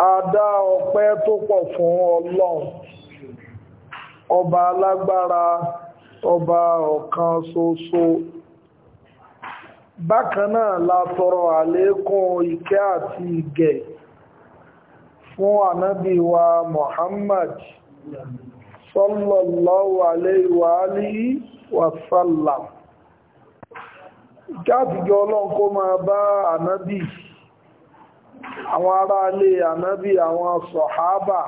Ada ọ̀pẹ́ tó pọ̀ fún Ọlọ́run, ọba alágbára, ọba ọ̀kan soso. Bákan náà la tọrọ àlékún ìkẹ́ àti ìgẹ̀ fún ànábì wa Muhammad sallallahu alayhi wa alihi wa sallam. Ìkẹ́ àti ìgẹ̀ máa bá ànábì yìí àwọn ará ilé ànábì àwọn sọ̀hábà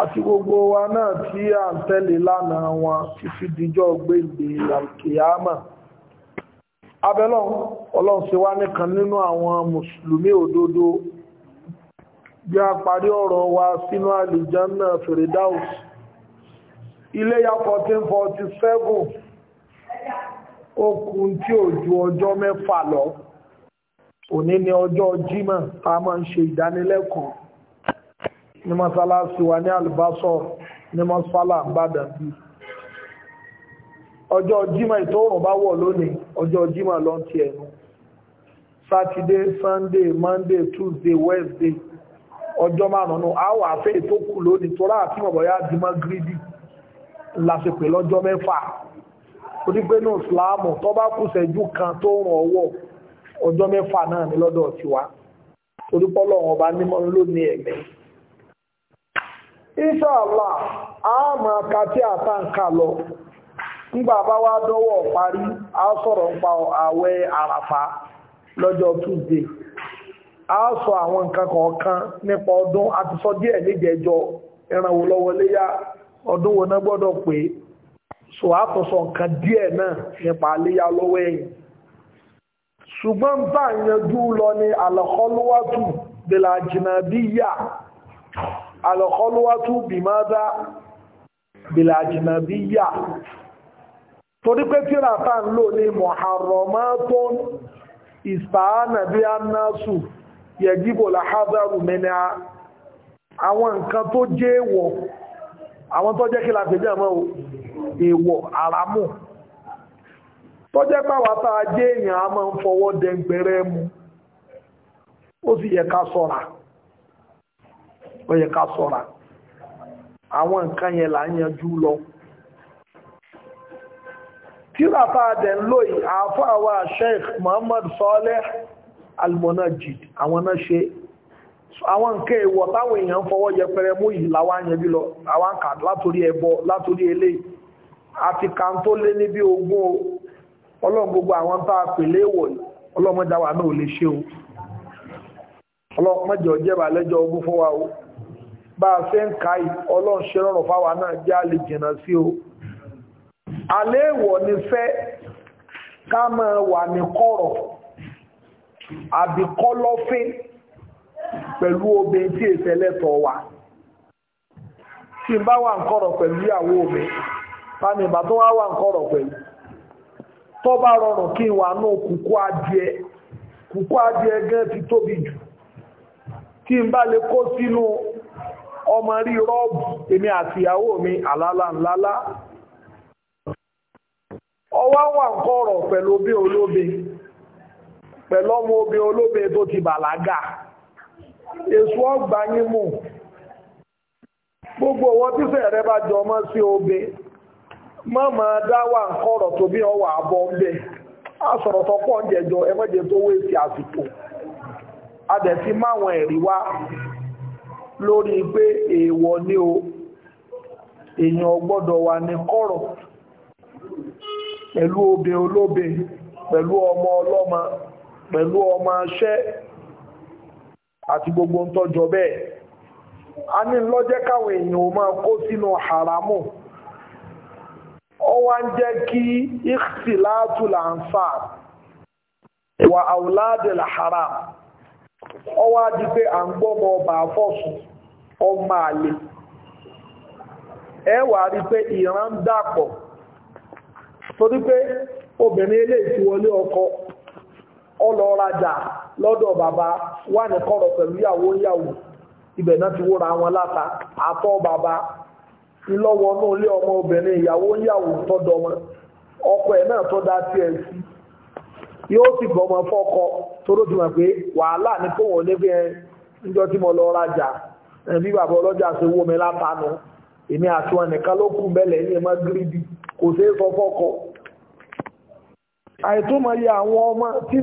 àti gbogbo wa náà tí à ń tẹ̀lé lánàá wọn títí dijọ́ gbèǹde alkiyama abẹ́lọ́ ọlọ́run ṣe wá nìkan nínú àwọn mùsùlùmí òdodo bí a parí ọ̀rọ̀ wa sínú àlìjánná fèrèdáùs iléyá 1447 okùn tí ò ju ọjọ́ mẹ́fà lọ òní ni ọjọ́ Jímọ̀ tá a máa ń ṣe ìdánilẹ́kọ̀ọ́ ní mọ́sálásí wa ní àlùbásọ̀ ní mọ́sálà Ìbàdàn bí ọjọ́ Jímọ̀ ìtòrùn bá wọ̀ lónìí ọjọ́ Jímọ̀ lọ ti ẹ̀nu Saturday Sunday Monday Tuesday Wednesday ọjọ́ márùn-ún àwọn àfẹ́ ètò kù lónìí tó ráàfin ọ̀bọ̀yá dìmọ́ gírídì lásìpẹ̀ lọ́jọ́ mẹ́fà onígbénú ìsìláàmù tó bá kù ṣẹ́jú kan tó rùn ọwọ́ ọjọ́ mẹ́fà náà ní lọ́dọ̀ tiwa torípọ́lọ́ ọba nímọ̀ lónìí ẹ̀mí. Inshallah a máa ka tí lọ nígbà bá wá dọ́wọ́ parí a sọ̀rọ̀ nípa àràfà lọ́jọ́ a sọ àwọn nǹkan kọ̀ọ̀kan nípa ọdún sọ díẹ̀ lọ́wọ́ léyà nǹkan díẹ̀ náà nípa léyà lọ́wọ́ ṣùgbọ́n bá yanjú lọ ní alọ́kọ́lọ́wọ́tù bèlà jìnàbíyà alọ́kọ́lọ́wọ́tù bìmọ́dá bèlà jìnàbíyà torí pé tíra tá ń lò ní muharramatun istahana bí annasu yẹ̀gíbò láhádàrù mẹ́ni àwọn nǹkan tó jẹ́ èèwọ̀ àwọn tó jẹ́ kí láti jẹ́ mọ́ èèwọ̀ àràmù tó jẹ́ pàwà tá a jẹ́ èèyàn a máa ń fọwọ́ dẹ̀ǹgbẹ̀rẹ̀ mu ó sì yẹ ká ṣọ́ra ó yẹ ká ṣọ́ra àwọn nǹkan yẹn là ń yanjú lọ tíra tá a ń lò yìí àáfàá wa Sheikh Muhammad Saleh Almonajid, munajjid àwọn náà ṣe àwọn nǹkan èèwọ̀ táwọn èèyàn ń fọwọ́ yẹpẹrẹ mú yìí láwọn àyẹ̀bí lọ àwọn kà látòrí ẹbọ látòrí eléyìí àti kàńtó lé ní ogún o ọlọ́run gbogbo àwọn tá a pè léèwọ̀ ọlọ́run dáwà náà lè ṣe o ọlọ́run mọ́jọ jẹ́bà lẹ́jọ́ ogún fún wa o bá a fẹ́ ń ka ọlọ́run ṣe rọrùn fáwa náà jẹ́ a lè jìnnà sí o àléèwọ̀ ni fẹ́ ká máa wà ní kọ̀rọ̀ àbí kọ́lọ́fín pẹ̀lú obìnrin tí èsẹ̀ lẹ́tọ̀ọ́ wa tí n bá wà ń kọ̀rọ̀ pẹ̀lú ìyàwó mi tani ìbá tó wá wà ń kọ̀rọ̀ pẹ̀lú tó bá rọrùn kí n wà náà kùkú adìẹ kùkú adìẹ ti tóbi jù tí n bá lè kó sínú ọmọ rí rọ́ọ̀bù èmi àti ìyàwó mi àlálà ńlálá ọwá wà ń kọ̀rọ̀ pẹ̀lú obé olóbe pẹ̀lú ọmọ obi olóbe tó ti bàlágà èso ọgbà yín mú gbogbo ọwọ́ tífẹ̀ rẹ bá jọ ọmọ sí obé ma ma dáwà wà tó bí ọwà àbọ̀ ń a sọ̀rọ̀ tó pọ̀ jẹjọ ẹ tó wé àsìkò a dẹ̀ máwọn ẹ̀rí wá lórí pé èèwọ̀ ni o èèyàn gbọ́dọ̀ wà ní kọrọ pẹ̀lú obe olóbe pẹ̀lú ọmọ ọlọ́mọ pẹ̀lú ọmọ aṣẹ́ àti gbogbo ń tọ́jọ bẹ́ẹ̀ a ní lọ́jẹ́ káwọn èèyàn máa kó ó wá ń jẹ́ kí ìkìtìláàtù làǹfà wà haram ó wá di pé à ń ọba àfọ́sùn rí pé ìran dàpọ̀ torí pé obìnrin ilé ìtiwọlé ọkọ ọlọ́rajà lọ́dọ̀ bàbá wà ní pẹ̀lú ibẹ̀ náà ti ìlọ́wọ́ náà lé ọmọ obìnrin ìyàwó yàwó tọ́dọ̀ wọn ọkọ̀ ẹ̀ náà tọ́dọ̀ àti sí yóò sì gbọ́ ọmọ fọ́kọ tóró ti mọ̀ pé wàhálà ní kó wọn lébi ẹ níjọ́ tí mo lọ rajà bí bàbá ọlọ́jà ṣe wó mi èmi àti wọn nìkan ló kù ní ẹ̀mọ́ gírídì kò ṣeé sọ fọ́kọ. àwọn ọmọ tí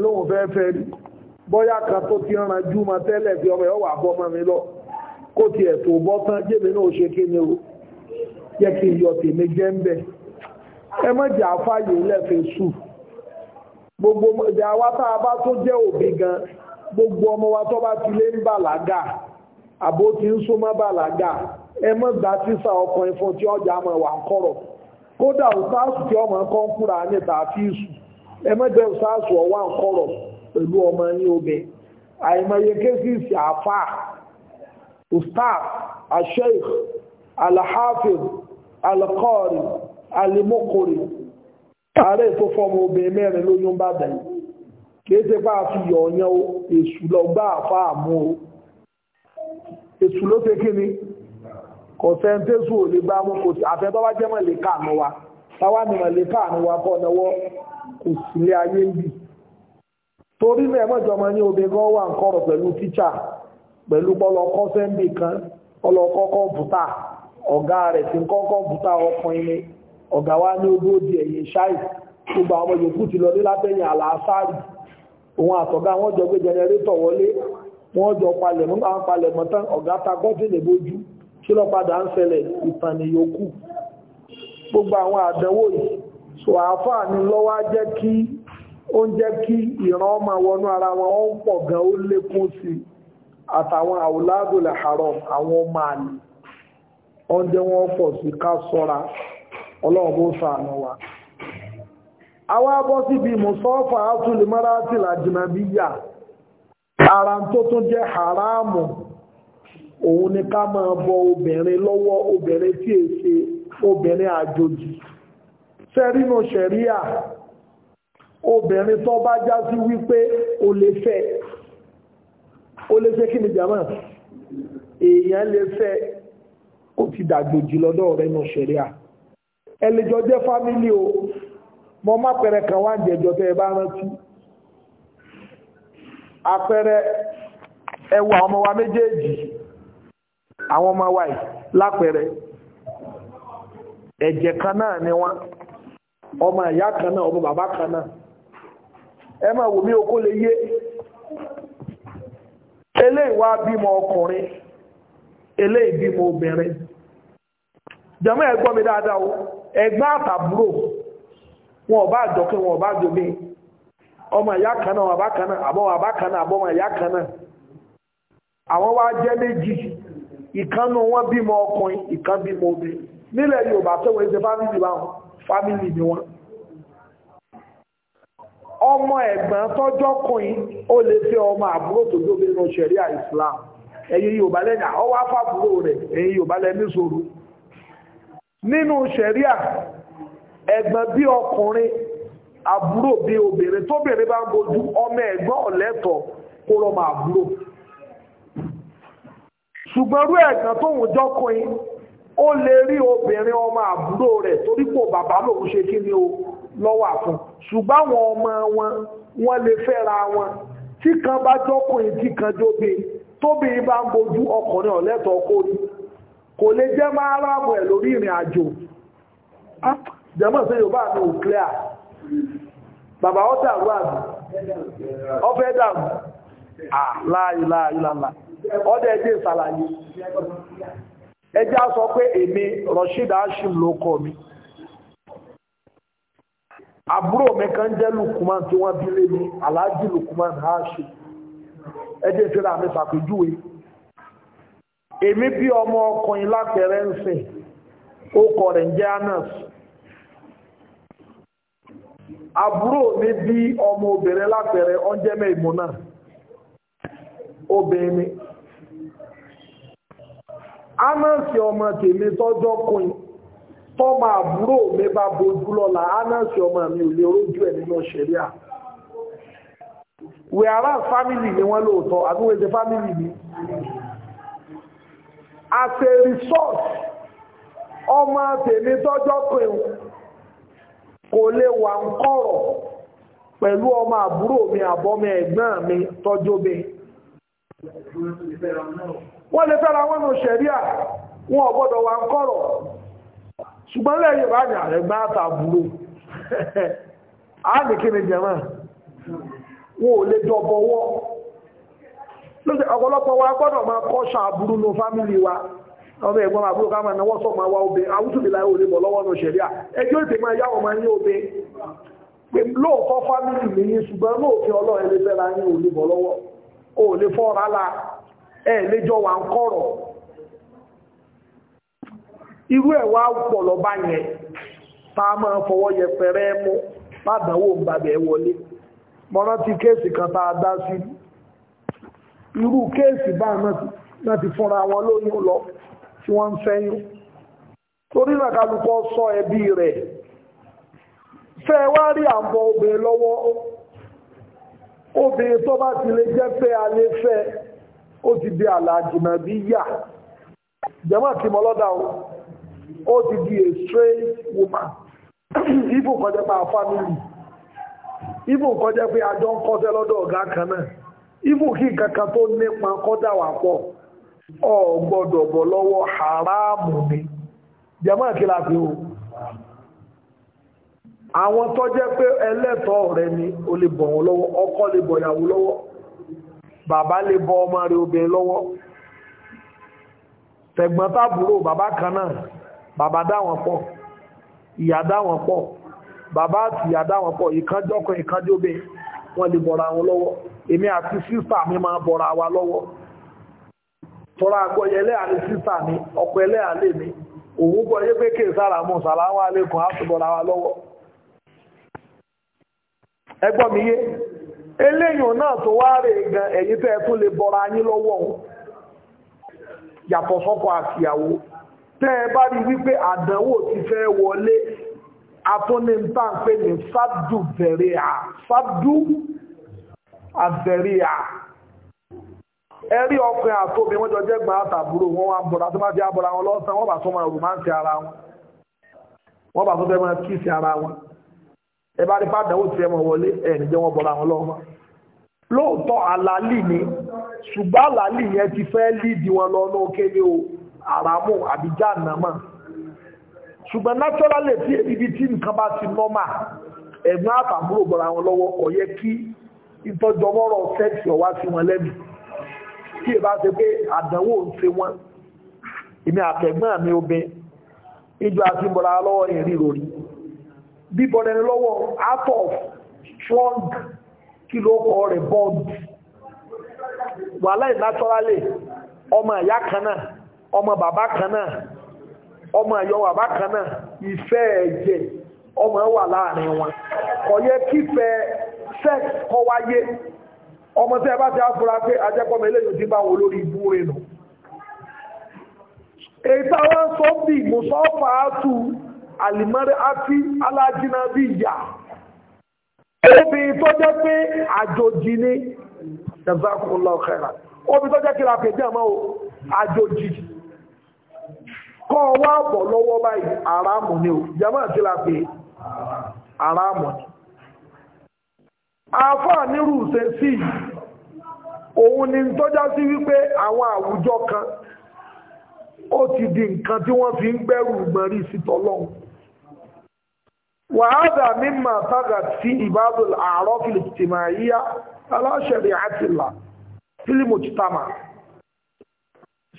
àwọn bóyá kan tó ti rán jú ma tẹ́lẹ̀ bí ọmọ ẹ̀wà bọ́ mọ́ mi lọ kó ti ẹ̀tò bọ́ tán jẹ́mi náà ṣe kí ni o yẹ kí n yọ tèmi jẹ́ ń bẹ̀ ẹ má jà lẹ́fẹ̀ẹ́ sù gbogbo ìjà wa tá a bá tó jẹ́ òbí gan gbogbo ọmọ wa tó bá ti lé ń bàlágà àbó ti ń súnmọ́ bàlágà ẹ má gbà tíṣà ọkùnrin fún tí ọjà mọ̀ wà ń kọ̀rọ̀ kódà òsáàsù tí ọmọ kan kúra níta fíìsù ẹ má jẹ́ òsáàsù ń kọ̀rọ̀ pẹ̀lú ọmọ yín obẹ̀ àìmọye kéfìsì àfà ustaz asheikh alhafiz alqari alimokori ààrẹ tó fọmọ obìnrin mẹ́rin lóyún bá dàí kìí ṣe pá fi yọ̀ọ̀yàn èṣù lọ gbá àfà àmú o èṣù ló ṣe kí ni kọ̀sẹ̀ntẹ́sù ò lè gbá mú kò sí àfẹ́tọ́ bá jẹ́mọ̀ lè káànú wa táwa ni lè káànú wa kọ́ náwọ́ kò sílé ayé ń bì torí náà ẹ̀mọ́jọ ọmọ yín obìnrin kan wà ń kọ̀rọ̀ pẹ̀lú tíṣà pẹ̀lú sẹ́ńbì kan ọlọ́kọ́ kọ̀ǹpútà ọ̀gá rẹ̀ ti ń kọ́ kọ̀ǹpútà ọkùnrin ọ̀gá wa ní ogún òdì ẹ̀yìn ṣáì gbogbo àwọn yòókù ti lọ ní látẹ̀yìn àlàáfáàrì òun àtọ̀gá wọn jọ gbé jẹnẹrétọ̀ wọlé wọn palẹ̀ mọ́ ọ̀gá ta bójú kí padà ń ṣẹlẹ̀ o ń jẹ́ kí ìran ọmọ wọnú ara wọn ó ń pọ̀ gan ó lékún sí àtàwọn àwòládùlẹ̀ haram àwọn ọmọ àlè ó wọn pọ̀ sí ká sọ́ra ọlọ́run bó wa àwọn abọ́ síbi mùsọ́fà átùlùmọ́ra tìlà jìnàbíyà ara tó tún jẹ́ haramu òun ni ká bọ obìnrin lọ́wọ́ obìnrin tí èsè obìnrin àjòjì sẹ́rínú obìnrin tó bá já sí wípé o lè fẹ́ o lè fẹ́ kí ni jàmá èèyàn lè fẹ́ ó ti dàgbòjì lọ́dọ̀ rẹ̀ nù ṣẹ̀ríà ẹ lè jẹ́ fámílì o mọ má pẹ̀rẹ̀ kan wá jẹjọ tẹ́ ẹ bá rántí àpẹẹrẹ ẹwà ọmọ wa méjèèjì àwọn ọmọ wa yìí lápẹẹrẹ ẹ̀jẹ̀ kan náà ni wọ́n ọmọ ìyá kan náà ọmọ bàbá kan náà ẹ máa wò mí okó lè yé eléyìí wá bímọ ọkùnrin eléyìí bímọ obìnrin jẹ́mọ́ ẹ̀gbọ́n mi dáadáa o ẹ̀gbọ́n àtàbúrò wọn ò bá àjọkẹ́ wọn ò bá àjọmí ọmọ ìyá kan náà bàbá kan náà àbọ̀ bàbá kan náà àbọ̀ ìyá kan náà àwọn wá jẹ́ méjì ìkànnù wọn bímọ ọkùnrin ìkan bímọ obìnrin nílẹ̀ Yorùbá tó wọ́n ṣe fámìlì báwọn fámìlì ni wọ́n ọmọ ẹ̀gbọ́n tọ́jọ́ kùnrin ó lè ọmọ àbúrò tó gbóbe inú ṣẹ̀ríà Islam ẹ̀yin Yorùbá lẹ́yìn afábúrò rẹ̀ Yorùbá sòrò nínú ẹ̀gbọ́n bí ọkùnrin àbúrò bí obìnrin tóbìnrin bá ń bojú ọmọ ẹ̀gbọ́n ọ̀lẹ́tọ̀ kó rọmọ àbúrò ṣùgbọ́n ó lè rí obìnrin ọmọ àbúrò rẹ̀ torí pò bàbá lòun ṣe kí ni o lọ́wà fún ṣùgbọ́n ọmọ wọn wọ́n lè fẹ́ra wọn tí kan bá jọ́kùnrin tí kan tóbi bá ń bojú ọkùnrin ọ̀lẹ́tọ̀ kó kò lè jẹ́ máa ẹ̀ lórí ìrìn àjò ah, ah, ìsàlàyé ẹjẹ́ a sọ pé èmi Rashid Ashim ló kọ́ mi àbúrò mi kan jẹ́ Lukman tí wọ́n bí lé mi Alhaji Lukman Hashim ẹjẹ́ ìfẹ́ra mi ṣàpèjúwe èmi bí ọmọ ọkùnrin lápẹẹrẹ ń sìn ó kọ rẹ̀ ń jẹ́ Anas àbúrò mi bí ọmọ obìnrin lápẹẹrẹ ọ́n jẹ́ mẹ́ ìmúná obìnrin anansi ọmọ tèmi tọ́jọ́ kùn tọ́mọ àbúrò mi bá bojú lọ́la anansi ọmọ mi ò lè rójú ẹ̀ nínú are wẹ̀hárà family, ni wọ́n lóòótọ́ àbí wọ́n ṣe fámìlì ni as a resource, ọmọ tèmi tọ́jọ́ kùn kò lè wà ń kọ̀rọ̀ pẹ̀lú ọmọ àbúrò mi àbọ́mọ ẹ̀gbọ́n mi tọ́jọ́ bẹ́ẹ̀ wọ́n lè fẹ́ra wọn nù ṣẹ̀ríà wọn ò gbọ́dọ̀ wà ń kọ̀rọ̀ ṣùgbọ́n lẹ́yìn bá ní ààrẹ gbá àtàbúrò àádìí kí ni jẹ̀mọ́ wọn ò lè jọ bọ̀wọ́ lóṣè ọ̀pọ̀lọpọ̀ wa gbọ́dọ̀ máa kọ́ ṣàbúrú nù fámìlì wa ọmọ ẹ̀gbọ́n àbúrò ká máa náwọ́ sọ̀mọ́ wa obe àwùjọbìlà ò lè bọ̀ lọ́wọ́ nù ṣẹ̀ríà ẹjọ́ ìpè máa yáwọ̀ máa ní obe mi ní ṣùgbọ́n lóòótọ́ ọlọ́run ẹlẹ́fẹ́ lè bọ̀ lọ́wọ́ ò lè fọ́ ra la ẹ̀ wà ń irú ẹ̀ wá pọ̀ yẹn tá máa fọwọ́ yẹpẹrẹ mú bàdánwò ń wọlé mo ti kéèsì kan tá dá sí irú kéèsì báyìí náà ti fúnra wọn lóyún lọ tí wọ́n ń fẹ́yún torí náà kálukọ́ sọ ẹbí rẹ̀ fẹ́ wá rí àbọ̀ obìnrin lọ́wọ́ obìnrin tó bá ti lè jẹ́ ó ti di àlàjìmọ̀ bí yà jẹ́mọ́ o ó ti di a straight woman ibù kọjá pé a ibù kọjá pé a ń ifu lọ́dọ̀ ọ̀gá kan náà ibù kí kankan ọ gbọ́dọ̀ bọ̀ lọ́wọ́ haramu ni jẹ́mọ́ la o àwọn tó pé ẹlẹ́tọ̀ọ́ ni o lè bọ̀ ọkọ lè bọ̀ ìyàwó lọ́wọ́ bàbá lè bọ ọmọ rẹ̀ obìnrin lọ́wọ́ tẹ̀gbọ́n tàbúrò bàbá kan náà bàbá dá wọn pọ̀ ìyá dá wọn pọ̀ bàbá àti ìyá dá wọn pọ̀ ìkánjọ́kan ìkánjọ́bẹ wọ́n lè bọ̀ra wọn lọ́wọ́ èmi àti sísà mi máa bọ̀ra wa lọ́wọ́ tọ́ra agbọ́yẹ ẹlẹ́yà ní sísà mi ọkọ ẹlẹ́yà lè mi òun gbọ́ yé pé kí sára mú sàlámù alékùn á tún bọ̀ra wa lọ́wọ́ ẹgbọ́n mi yé eléyìn náà tó wá rè gan ẹ̀yin tẹ́ tún lè bọ́ra yín lọ́wọ́ yàtọ̀ sọ́kọ àtìyàwó tẹ́ ẹ bá rí wípé àdánwò ti fẹ́ wọlé atúni tá ń pè ní fàdù bẹ̀rẹ̀ à fàdù àbẹ̀rẹ̀ à ẹ̀rí ọkùnrin àtòbí wọ́n jọ jẹ́ gbà àtàbúrò wọn wá bọ̀rọ̀ àti máa fi àbọ̀rọ̀ àwọn lọ́sàn wọ́n bá tún máa rò máa ń ti ara wọn wọ́n bá tún fẹ́ máa kíìsì ara wọn ẹ bá rí pàdánwò tí ẹ mọ̀ wọlé ẹ̀ níjẹ́ wọn bọ́ra wọn lọ́wọ́ lóòótọ́ àlàálì ni ṣùgbọ́n àlàálì yẹn ti fẹ́ líìdì wọn lọ ní òkè ní o àràmù àbíjà nàmà ṣùgbọ́n naturally tí ibi tí nǹkan bá ti normal ẹ̀gbọ́n àtàbúrò bọ́ra wọn lọ́wọ́ kò yẹ kí ìtọ́jọmọ́rọ̀ sẹ́ẹ̀tì ọ̀wá sí wọn lẹ́nu tí ìbá ṣe pé àdánwò ń ṣe wọn èmi àtẹ̀gbọ́n mi obìnrin ìjọ àti bọ́ra lọ́wọ́ ìrírò rí bíbọ̀lẹ̀ lọ́wọ́ out of strong kí ló kọ rẹ̀ bond naturally ọmọ ìyá kan ọmọ bàbá kan ọmọ ìyọ bàbá kan ìfẹ́ ẹ̀jẹ̀ ọmọ wà láàrin wọn yẹ kífẹ́ sex kọ́ wáyé ọmọ tí bá ti afura pé ajẹ́kọ́mọ eléyìí ti bá wọn lórí ibú rẹ̀ nù àlìmọ́rẹ́ àti alájínàbí ìyà obì tó jẹ́ pé àjòjì ní ẹ̀zákùnlá ọ̀kẹ́rà obì tó jẹ́ kí la pèjì àmọ́ àjòjì kọ́ wá bọ̀ lọ́wọ́ báyìí àràmù ni o jẹ́mọ́ àti la pè àràmù ni àfáà nírú ṣe sí òun ni tó já sí wípé àwọn àwùjọ kan ó ti di nǹkan tí wọ́n fi ń gbẹ́rù gbọ́nrí sí tọ́lọ́hùn وهذا مما طغت فيه بعض الأعراف الاجتماعية على شريعة الله في المجتمع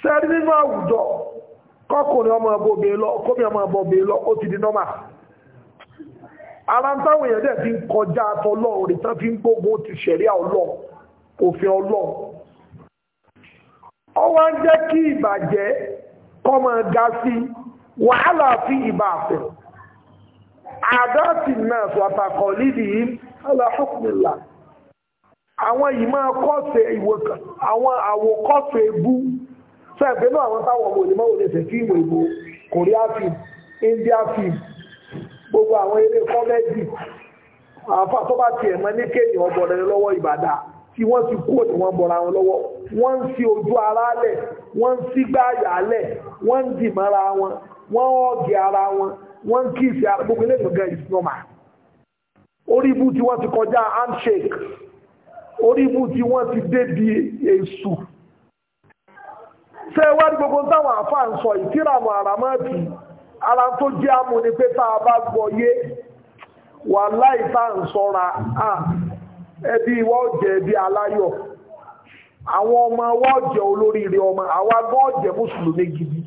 sẹ́rí nínú àwùjọ kọkùnrin ọmọ ẹbọ obìnrin lọ kómi ọmọ ẹbọ obìnrin lọ ti di nọ́mà ara ń táwọn èèyàn dẹ̀ fi ń kọjá atọ ọlọ́run rẹ̀ tán fi ń gbógun ti ṣẹ̀ríà ọlọ́run òfin ọlọ́run ó wá ń jẹ́ kí ìbàjẹ́ kọ́ máa ga fi àdọ́tì náà wàtàkọ̀ lídì yìí aláhùkùnlá àwọn yìí máa kọ́sẹ̀ ìwòkàn àwọn àwòkọ́sẹ̀ ebú sẹ́ẹ̀pẹ́ náà àwọn táwọn ọmọ òní máwòlẹ̀ ṣe fíìmù ìbò Korea film India film gbogbo àwọn eré kọ́mẹ́dì àfà tó bá tiẹ̀ mọ́ ní kéèyàn ọbọ̀rẹ̀ lọ́wọ́ ìbàdà tí wọ́n ti kúrò ní wọ́n bọ̀ra wọn lọ́wọ́ wọ́n ń sí ojú ara lẹ̀ wọ́n ń sígbà yà wọ́n ń dìmọ́ra wọn wọ́n ń ọ̀gẹ̀ ara wọn wọ́n kiss ya gbogbo ilé ìgbẹ̀gẹ̀ normal orí ibú tí wọ́n ti kọjá handshake orí ibú tí wọ́n ti dé di èṣù ṣe wá ní gbogbo táwọn àfà ń sọ ìtìràmù àràmọ́tì ara tó jẹ́ amú ni pé tá a bá gbọ́ yé wà láì tá à ń sọ́ra ẹbí wọ́n jẹ́ ẹbí aláyọ̀ àwọn ọmọ wa jẹ́ olóríire ọmọ àwa mùsùlùmí gidi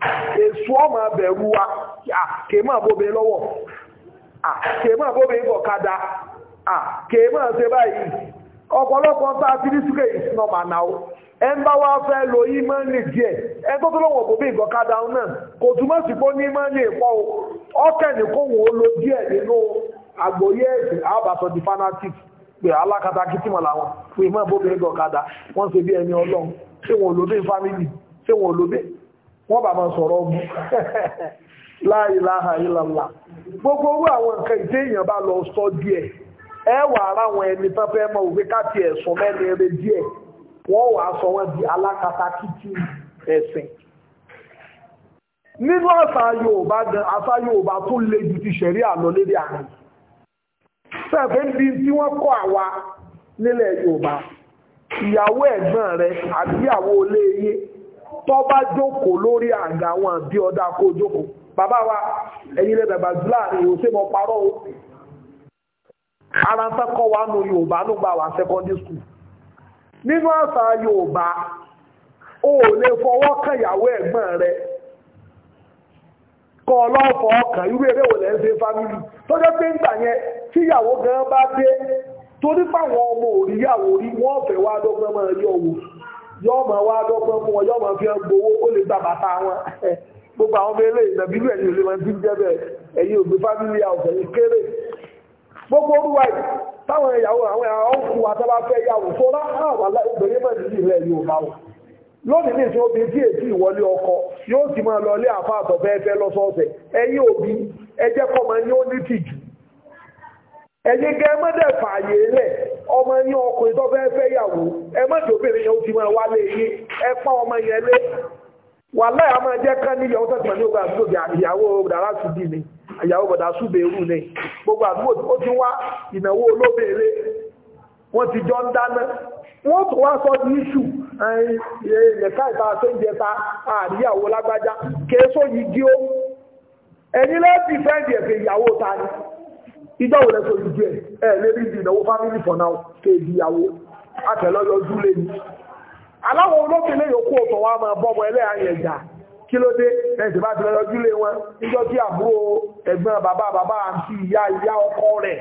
èso ọmọ abẹ̀rù wa kèé bóbe lọ́wọ́ kèé máa bóbe bọ̀kadà kèé máa ṣe báyìí ọ̀pọ̀lọpọ̀ tá a ti ní síkè ìsinọ́mà náà ẹ ń bá wá fẹ́ lo díẹ̀ ẹ tó tó lọ́wọ́ bóbi ìgbọ̀kadà náà kò túmọ̀ sí pé ní ó lo díẹ̀ nínú pé alákatá kìtìmọ̀ làwọn pé mọ́ bóbìnrin gọ̀kadà wọ́n ṣe bí ẹni ọlọ́run ṣé wọn olóbé fámìlì ṣé wọ́n la ilaha illallah gbogbo owó àwọn nǹkan ìdé èèyàn bá lọ ara àwọn ẹni tán fẹ́ mọ òwe káàtì ẹ̀sùn mẹ́ni eré díẹ̀ wọ́n wà á sọ wọ́n di nínú àṣà Yorùbá gan àṣà Yorùbá tó ti ṣẹ̀rí àlọ́ lédè àná sẹ́ẹ̀fẹ́ ń bí tí wọ́n kọ́ àwa nílẹ̀ Yorùbá ìyàwó ẹ̀gbọ́n rẹ àbí ìyàwó olé eyé tó bá jókòó lórí àga wọn bí ọdá kó jókòó bàbá wa ẹ̀yin lẹ bàbá jùlá èyí ò sí mọ parọ́ o ara ń wa secondary school nínú àṣà Yorùbá o ò lè fọwọ́ kan ìyàwó ẹ̀gbọ́n rẹ kọ́ ọlọ́fọ̀ ọkàn irú eré wò lẹ́ ṣe fámìlì tó jẹ́ pé ńgbà yẹn tíyàwó gan bá dé torí fáwọn ọmọ òríyàwó rí wọ́n fẹ́ wá dọ́gbọ́n máa yọ wò yọ ọmọ wá dọ́gbọ́n fún wọn yọ ọmọ fi hàn gbowó ó lè gba bàtà wọn gbogbo àwọn ọmọ eléyìí nàbí ìlú ẹ̀yìn olè máa ń jẹ́ bẹ́ẹ̀ ẹ̀yìn òbí fámìlì àwòsàn kéré gbogbo olúwa yìí táwọn ìyàwó àwọn ìyàwó fún wa yàwó tó àwọn obìnrin mọ̀ nílẹ̀ yóò bá wọn. lónìí ní obi obìnrin tí èsì ìwọlé ọkọ yóò sì máa lọ ilé àfa àtọ̀fẹ́fẹ́ lọ́sọ̀ọ̀sẹ̀ ẹ̀yin òbí ẹjẹ́ kọ́ máa ní ó ní tìjú ẹ̀yin fààyè rẹ̀ ọmọ yín ọkùnrin tó fẹ́ fẹ́ yàwó ẹ yẹn ó ti máa wálé yín ẹ pa ọmọ yẹn lé máa ká ní àdúgbò ìyàwó dàrá sí bí ìyàwó ni gbogbo àdúgbò ó ti wá ìnáwó olóbèrè wọ́n ti jọ ń dáná wọ́n tó wá sọ ní iṣu ẹ̀ẹ́dẹ̀ká ìta tó ń jẹta àríyàwó lágbájá kéésó yìí gí ó ẹ̀yin lẹ́ẹ̀dì fẹ́ǹdì ẹ̀fẹ̀ ìyàwó ta ni ìjọ wò lẹ́sọ yìí jẹ́ ẹ̀ lérí ìdí ìnáwó family for now tó èdè ìyàwó àtẹ̀lọ́yọ ojú lé ní. aláwọ̀ olókèlè yòókù ọ̀tọ̀ wa máa bọ́ ọmọ ẹlẹ́yà ẹ̀jà kí ló dé ẹ̀sìn bá ti lọ́yọ ojú lé wọn níjọ́ tí àbúrò ẹ̀gbọ́n bàbá bàbá àǹtí ìyá ìyá ọkọ rẹ̀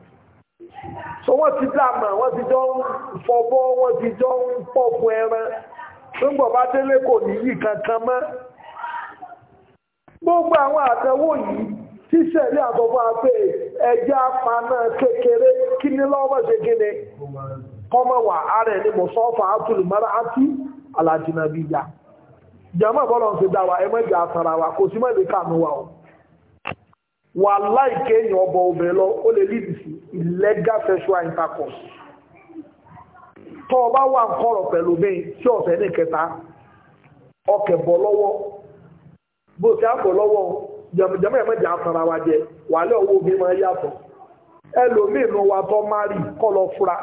so wọ́n ti dàmà wọ́n ti jọ ń fọbọ́ wọ́n ti jọ ń pọ̀fù ẹran nígbà bá délé ní yí kankan mọ́ gbogbo àwọn àtẹwò yìí tí sẹ̀lẹ̀ àtọ́fọ́ ẹja paná kékeré kí lọ́wọ́ ṣe kíni àti alájìnàbíyà ń fi dá wà láìké èèyàn ọbọ obìnrin lọ ó lè lead sí illegal sexual intercourse tó o bá wà nkọ̀rọ̀ pẹ̀lú mi tí ọ̀sẹ̀ ní kẹta ọkẹ̀ bọ̀ lọ́wọ́ bó ti àpò lọ́wọ́ jẹmọ́ ẹ̀mọ́ ìjà sanra wa jẹ wàhálẹ̀ owó mi máa yàtọ̀ ẹlòmíì nu wa tó má rí kọ́ lọ fura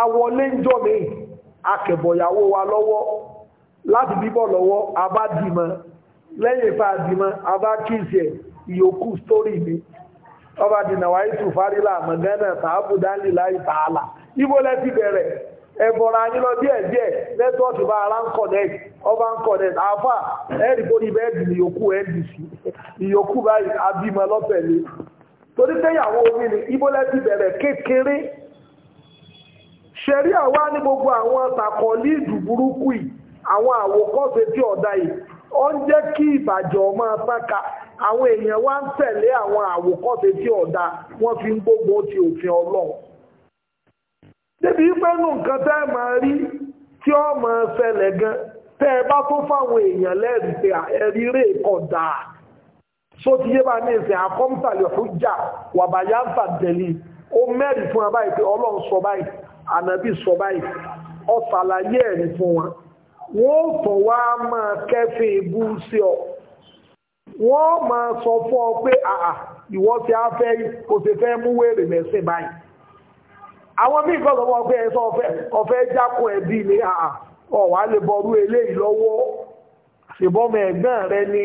awọlé ń jọ mi akẹ̀bọ̀yàwó wa lọ́wọ́ láti bíbọ̀ lọ́wọ́ abá dìmọ̀ lẹ́yìn ìfà dìmọ̀ abá kíìsì ẹ̀ ìyókù stori mi ọba dìnà wáyé tùfárìlà mọ̀gánà tààbùdánlì láì tààlà ibo lẹ ti bẹ̀rẹ̀ ẹ̀bọ̀ra yín díẹ̀ díẹ̀ nẹ́tíwọ́ọ̀tì bá ara ń connect ọba ń connect àáfà ẹ̀rì kò ní bẹ́ẹ̀ dìní ìyókù ndc ìyókù báyìí abímọ lọ́pẹ̀lé torí péyàwó omi ni ibo lẹ ti bẹ̀rẹ̀ kékeré ṣẹ̀rí àwa ní gbogbo àwọn tàkọ̀lì ìdùbúrúkú yìí àwọn àwòkọ́ṣe tí ọ̀dà yìí ó ń jẹ́ kí ìbàjọ́ máa tán àwọn èèyàn wá ń tẹ̀lé àwọn àwòkọ́ṣe tí ọ̀dà wọ́n fi ń gbógun ti òfin ọlọ́run débi pé nù nǹkan tẹ́ máa rí tí ó máa ṣẹlẹ̀ gan tẹ́ ẹ bá tó fáwọn èèyàn lẹ́rìí pé ẹ̀rí rè kọ̀ dáa só ti yé bá ní ìsìn àkọ́mtàlẹ̀ ọ̀jà wàbàyà ń tàdẹ̀lì ó mẹ́rin fún wa báyìí pé ọlọ́run sọ báyìí ànábì sọ báyìí ó ṣàlàyé fún wa wọ́n ó tàn wá máa kẹ́fìn ibú sí ọ wọ́n máa sọ fún ọ pé àà ìwọ ti á fẹ́ kò sì fẹ́ mú wèrè mẹ́sìn báyìí àwọn míì kan sọmọ pé ẹsọ ọ̀fẹ́ jákun ẹbí ni àà ọ̀wà lè bọrú eléyìí lọ́wọ́ ṣèbọmọ ẹ̀gbọ́n rẹ ni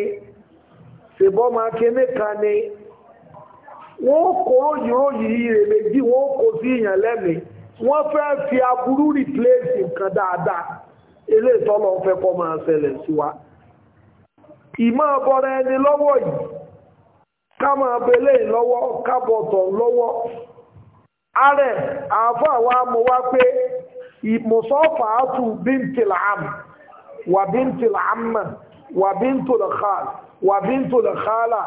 ṣèbọmọ akíní kan ni wọ́n kó ròyìnròyìn ire méjì wọ́n kó sí ìyàn lẹ́mìí wọ́n fẹ́ fi aburú rìpléèsì nǹkan dáadáa eléyìí tọ́lọ́ fẹ́ kọ́ máa ṣẹlẹ̀ sí wa ìmọ̀ ọbọra ẹni lọ́wọ́ yìí ká máa belé lọ́wọ́ kábọ̀tọ̀ lọ́wọ́ ààrẹ àáfà wa mo wá pé ìmùsọ́fà àtù bíntìlà àmà wà bíntìlà àmà wà bíntìlà khal wà bíntìlà khala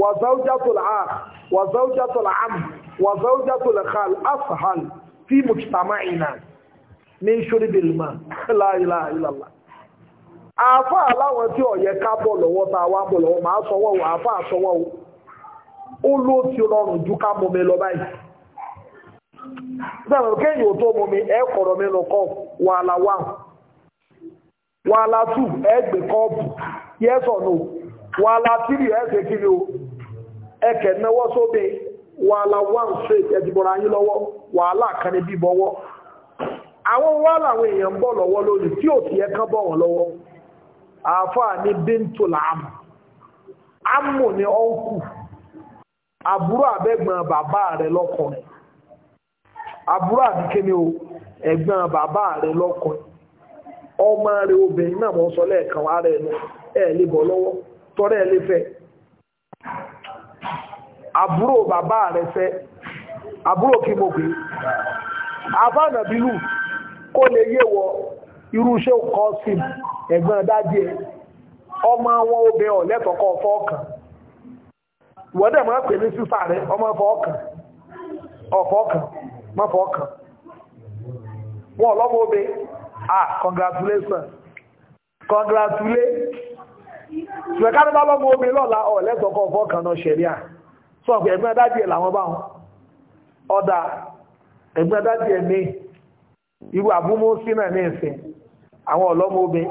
wà záújátùlà àà wà záújátùlà àmà min shurbil ma la ilaha illallah àáfà aláwọn tí ọ̀yẹ ká bọ̀ lọ́wọ́ tá a wá bọ̀ lọ́wọ́ máa sọwọ́ o àáfà sọwọ́ o ó ló ti rọrùn ju ká mú mi lọ báyìí sẹ́wọ̀n kéèyàn tó mú mi ẹ kọ̀rọ̀ mi kọ́ wàhálà wà wàhálà tù ẹ gbé kọ́ọ̀bù wàhálà o wàhálà wà ṣe yín lọ́wọ́ wàhálà kan wàhálà àwọn àáfàá ní bíntùl amu, àmù ní ọ̀nkù àbúrò àbẹ̀gbọ́n bàbá rẹ̀ lọ́kùnrin àbúrò àbíkéni o ẹ̀gbọ́n bàbá rẹ̀ lọ́kùnrin ọmọ rẹ̀ obìnrin náà mọ̀ sọ lẹ́ẹ̀kan ara ẹ̀nu ẹ̀ lè bọ̀ lọ́wọ́ tọ́rẹ́ ẹ̀ lè fẹ́ àbúrò bàbá rẹ̀ fẹ́ àbúrò kí mo gbé àbánàbílù kó lè yé wọ irúṣẹ́ kọ́ sí mi ẹ̀gbọ́n dájú ẹ̀ ọmọ wọn obìnrin ọ̀lẹ́kọ̀ọ́kọ́ fọ́ọ̀kan wọ́n dẹ̀ máa pè ní sísà rẹ̀ ọmọ fọ́ọ̀kan ọ̀fọ́ọ̀kan mọ́fọ́ọ̀kan wọn ọlọ́mọ obìnrin ah congratulations congratulate ṣùgbẹ́ká ní bá lọ́mọ obìnrin lọ́la ọ̀lẹ́kọ̀ọ́kọ́ fọ́ọ̀kan náà ṣẹ̀ríà sọ pé ẹ̀gbọ́n dájú ẹ̀ làwọn báwọn ọ̀dà ẹ̀gbọ́n dájú ẹ̀ ní irú àbúmọ́sí náà ní ìsìn àwọn ọlọ́mọ obìnrin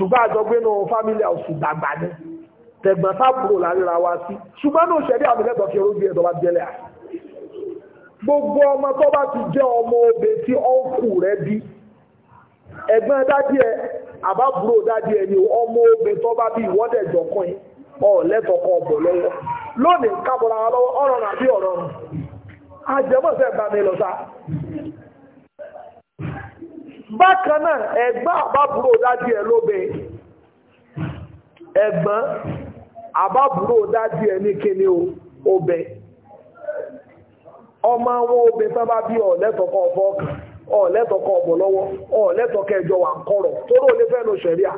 ṣùgbọ́n àjọgbé náà fámílì àwòsù dàgbà ní tẹ̀gbọ́n sábúrò láríra wa sí ṣùgbọ́n náà ṣẹ̀rí àmìlẹ́tọ̀ fi orógbé ẹ̀dọ́ bá jẹ́lẹ̀ à gbogbo ọmọ tó bá ti jẹ́ ọmọ obè tí ọ́nkù rẹ̀ bí ẹ̀gbọ́n dádì ẹ àbábúrò dádì ẹ ni ọmọ obè tó bá bí ìwọ́dẹ̀jọ̀kan yìí ọ̀lẹ́tọ̀kọ̀ ọ̀bọ̀ lọ́wọ́ lónìí kábọ̀ra wa lọ́wọ́ ọ̀rọ̀ bákan náà ẹ̀gbọ́n àbábúrò dádì ẹ̀ lóbe ẹ̀gbọ́n àbábúrò dádì ẹ̀ ní kíni obe ọmọ àwọn obe tán bá bí ọ̀lẹ́tọ̀kọ̀ ọ̀fọ́ ọ̀lẹ́tọ̀kọ̀ ọ̀bọ̀ lọ́wọ́ ọ̀lẹ́tọ̀kọ̀ ẹjọ́ wà ń kọ̀rọ̀ tóró olè fẹ́ lọ ṣẹ̀ríà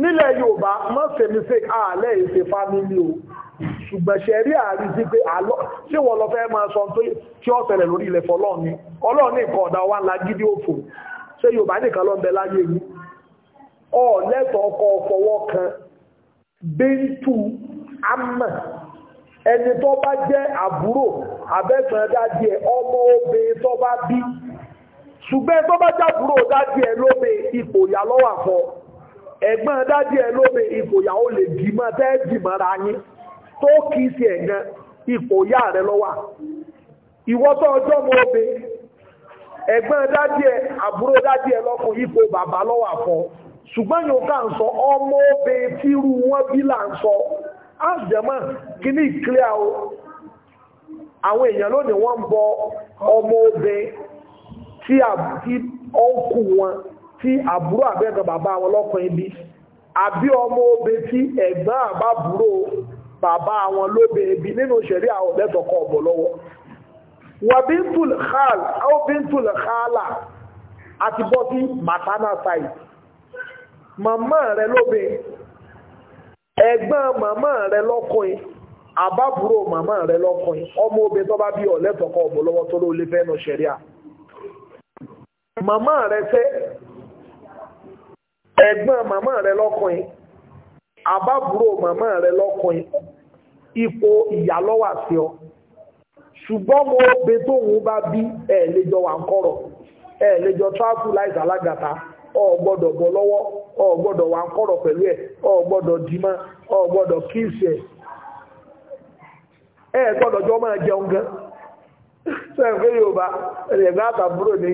nílẹ̀ yorùbá má ṣe mistake ìṣe fámílì o ṣùgbọ́n ṣẹ̀rí ààrí sí pé àlọ́ tí wọ́n lọ fẹ́ máa sọ tí ó lórí ilẹ̀ fọlọ́ọ̀ni ọlọ́ọ̀ni nǹkan wa ńlá gidi òfò ṣé Yorùbá nìkan ló ń bẹ láyé yìí ọ lẹ́tọ̀ ọkọ̀ kan bíntù amọ̀ ẹni tó bá jẹ́ àbúrò abẹ́sàn dádì ẹ̀ ọmọ obìnrin tó bá bí ṣùgbọ́n tó bá jábúrò dádì ẹ̀ lóbe ipò ìyá lọ́wọ́ àfọ ẹ̀gbọ́n dádì ẹ̀ lóbe ipò ìyá ó rẹ lọ́wọ́ ìwọ́tọ̀ ọjọ́ ẹ̀gbọ́n dádì ẹ̀ àbúrò dádì ẹ̀ lọ́kùn ipò bàbá lọ́wọ́ àfọ́ ṣùgbọ́n yóò ká ń sọ ọmọ obìnrin tí irú wọn bí là ń sọ ájẹ̀mọ́ kí ní ìkílẹ̀ o àwọn èèyàn lónìí wọ́n ń bọ ọmọ obìnrin tí ọkù wọn tí àbúrò àbẹ́gbẹ̀ bàbá wọn lọ́kùnrin bí àbí ọmọ obìnrin tí ẹ̀gbọ́n àbábúrò bàbá wọn lóbìnrin bí nínú ìṣẹ̀rí àwọn lẹ́tọ̀ọ́kọ̀ ọ̀bọ̀ lọ́wọ́ wà bíntul khal aw bíntul khala àti bọ́ sí maternal side màmá rẹ lóbe ẹ̀gbọ́n màmá rẹ lọ́kùnrin àbábúrò màmá rẹ lọ́kùnrin ọmọ obe tó bá bí ọ̀lẹ́tọ̀kọ̀ ọ̀bọ̀ lọ́wọ́ tó ló lè fẹ́nu ṣẹ̀ríà màmá rẹ fẹ́ ẹ̀gbọ́n màmá rẹ lọ́kùnrin àbábúrò màmá rẹ lọ́kùnrin ipò ìyálọ́wà sí ọ ṣùgbọ́n mo pe tóun bá bí ẹ̀ lẹ́jọ́ wà ń kọ̀rọ̀ ẹ̀ lẹ́jọ́ travel alágàtà ọ̀ gbọ́dọ̀ bọ́ lọ́wọ́ ọ̀ gbọ́dọ̀ wà ń kọ̀rọ̀ pẹ̀lú ẹ̀ ọ̀ gbọ́dọ̀ dìímọ̀ gan yorùbá ẹ̀gbẹ́ àtàbúrò ní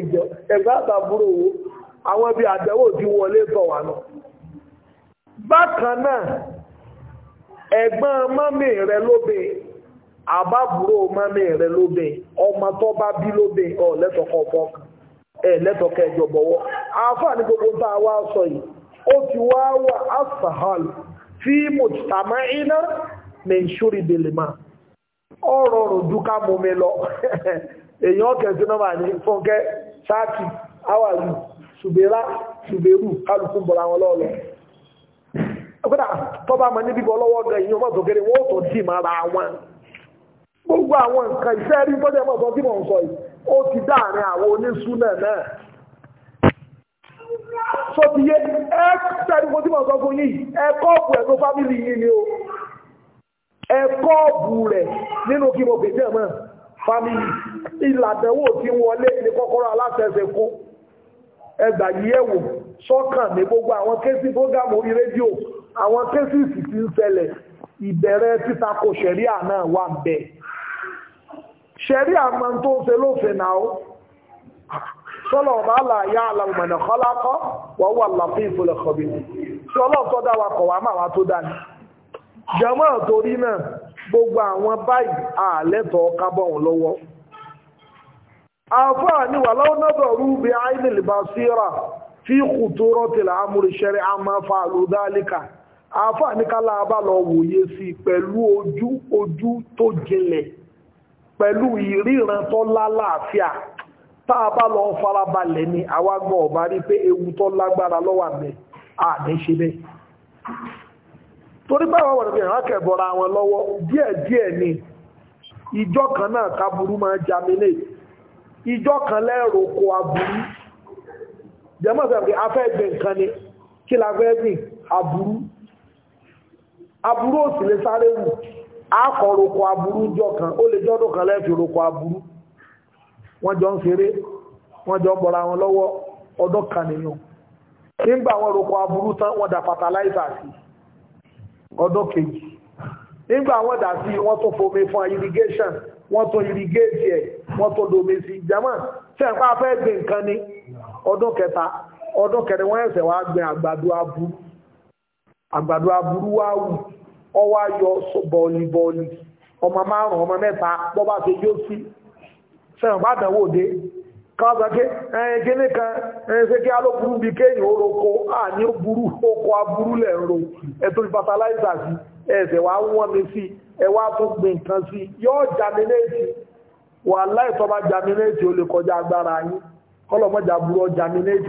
ẹ̀gbẹ́ àtàbúrò wo àwọn ibi wọlé tọ̀ wà bákan náà ẹ̀gbọ́n mọ́mì àbábúrò mọ́mí rẹ̀ lóbìn ọmọ tó bá bí lóbìn ọ̀ lẹ́tọ̀kọ̀ ọ̀fọ́kàn ẹ̀ lẹ́tọ̀kọ̀ ẹ̀jọ̀ bọ̀wọ́ àáfàá ní gbogbo tá a wá sọ yìí ó ti wá wà asahal fi mùtàmá iná mẹ́ńsúrì bèlèmà ọ̀rọ̀ rọ̀dú ká mú mi lọ èèyàn kẹsì náà ní fúnkẹ́ sáàkì awàlù ṣùgbẹ́rá ṣùgbẹ́rù kálukú bọ̀ra wọn lọ́ọ̀lọ́ ọgbọ́dà tọ́ba mọ́ níbi bọ́ lọ́wọ́ gan èèyàn mọ́ tó kéré wọ́n tó dì mára wọn gbogbo àwọn nǹkan ìfẹ́ rí tọ́jú ẹ̀mọ́ ọ̀tọ̀ tí mò ń sọ yìí ó ti dáàrin àwọn oníṣúná náà so ti yé ẹ tẹ́lú mo tí mò ń sọ fún yìí ẹ kọ́ọ̀bù ẹ̀ tó fámìlì yìí ni o ẹ kọ́ọ̀bù rẹ̀ nínú kí mo gbèjẹ́ mọ́ fámìlì ìlàdánwò tí ń wọlé ní kọ́kọ́rọ́ aláṣẹṣe kún ẹgbà yìí ẹ wò sọ́kàn ní gbogbo àwọn kéésì fógàmù orí rédíò àwọn kéésì sì ti ń ṣẹlẹ̀ ìbẹ̀rẹ̀ títakò ṣẹ̀ríà náà wà bẹ́ẹ̀ ṣẹ̀rí àmà tó ń ṣe lófin náà sọ́lọ̀ ọ̀bá àlàyé àlàmọ̀nà kọ́lákọ́ wọ́n wà láfíì ìfòlẹ̀ kọ̀bí sọ́lọ̀ tó dáwà kọ̀ wà máa wá tó dání jẹmọ́ torí náà gbogbo àwọn báyìí àlẹ́tọ̀ kábọ̀ wọn lọ́wọ́ àfáà ni wà láwọn náà rú bí àìlèlè bá pẹ̀lú ìríran tó lálàáfíà tá a bá lọ farabalẹ̀ ni àwa gbọ́ ọ̀bá rí pé ewu tó lágbára lọ́wọ́ àmẹ́ àní ṣe bẹ́ẹ̀ torí báwọn wọ̀n fi hàn wọn lọ́wọ́ díẹ̀díẹ̀ ni ìjọ kan náà kaburú máa jamile ìjọ kan lẹ́rọ oko aburú jẹ́mọ́ sẹ́fẹ̀ afẹ́ gbẹ̀ nǹkan ni kí akọ̀ roko aburú jọ kan ó lè jọ́dún kan lẹ́fì roko aburú wọ́n jọ ń ṣeré wọ́n jọ ń bọ̀ra wọn lọ́wọ́ ọdún kan nìyàn nígbà wọn roko aburú tán wọ́n dà fatalaisa sí ọdún kejì nígbà wọn dà sí wọ́n tún fomi fún irrigation wọ́n tún irrigate ẹ̀ wọ́n tún domi sí german sẹ́ǹpá fẹ́ gbìn nǹkan ní ọdún kẹta ọdún kẹrin wọ́n ẹ̀sẹ̀ wá gbìn àgbàdo aburú wá wù ọwọ́ ayọ̀ bọ́ọ̀lì bọ́ọ̀lì ọmọ márùn-ún ọmọ mẹ́ta bọ́bá ṣe yóò sí sẹ́wọ̀n bá dánwò dé káàkiri ẹ̀yìn kíní kan ẹ̀yìn sí kí á ló burú bí kéèyàn ó roko àní ó burú oko aburú lẹ̀ ń ro ẹ̀tọ́ ìfàtàláìsà sí ẹ̀ẹ̀sẹ̀ wá wọ́n mi sí ẹwà tó gbìn nǹkan sí yóò jaminéètì wà láìsọ bá jaminéètì ó lè kọjá agbára yín kọ́lọ̀mọ́jà burú jaminéètì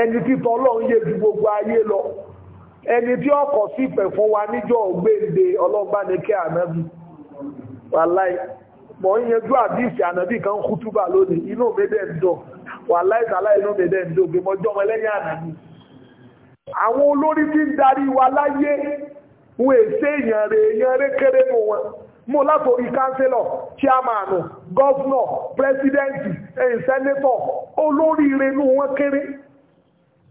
ẹni títọ́ ọlọ́run yé ju gbogbo ayé lọ ẹni tí ọkọ̀ sí pẹ̀ fún wa níjọ́ ògbéǹde ọlọ́gbánikẹ́ ànábì wàláì mọ̀ ń yẹjú àdíìsì ànábì kan kútúbà lónìí inú mẹ́dẹ̀ ń dọ̀ wàláì tàlá inú mẹ́dẹ̀ ń dọ̀ gbẹmọjọ́ ọmọ ẹlẹ́yìn ànábì àwọn olórí tí ń darí wa láyé wọ́n èsè èèyàn wọn kéré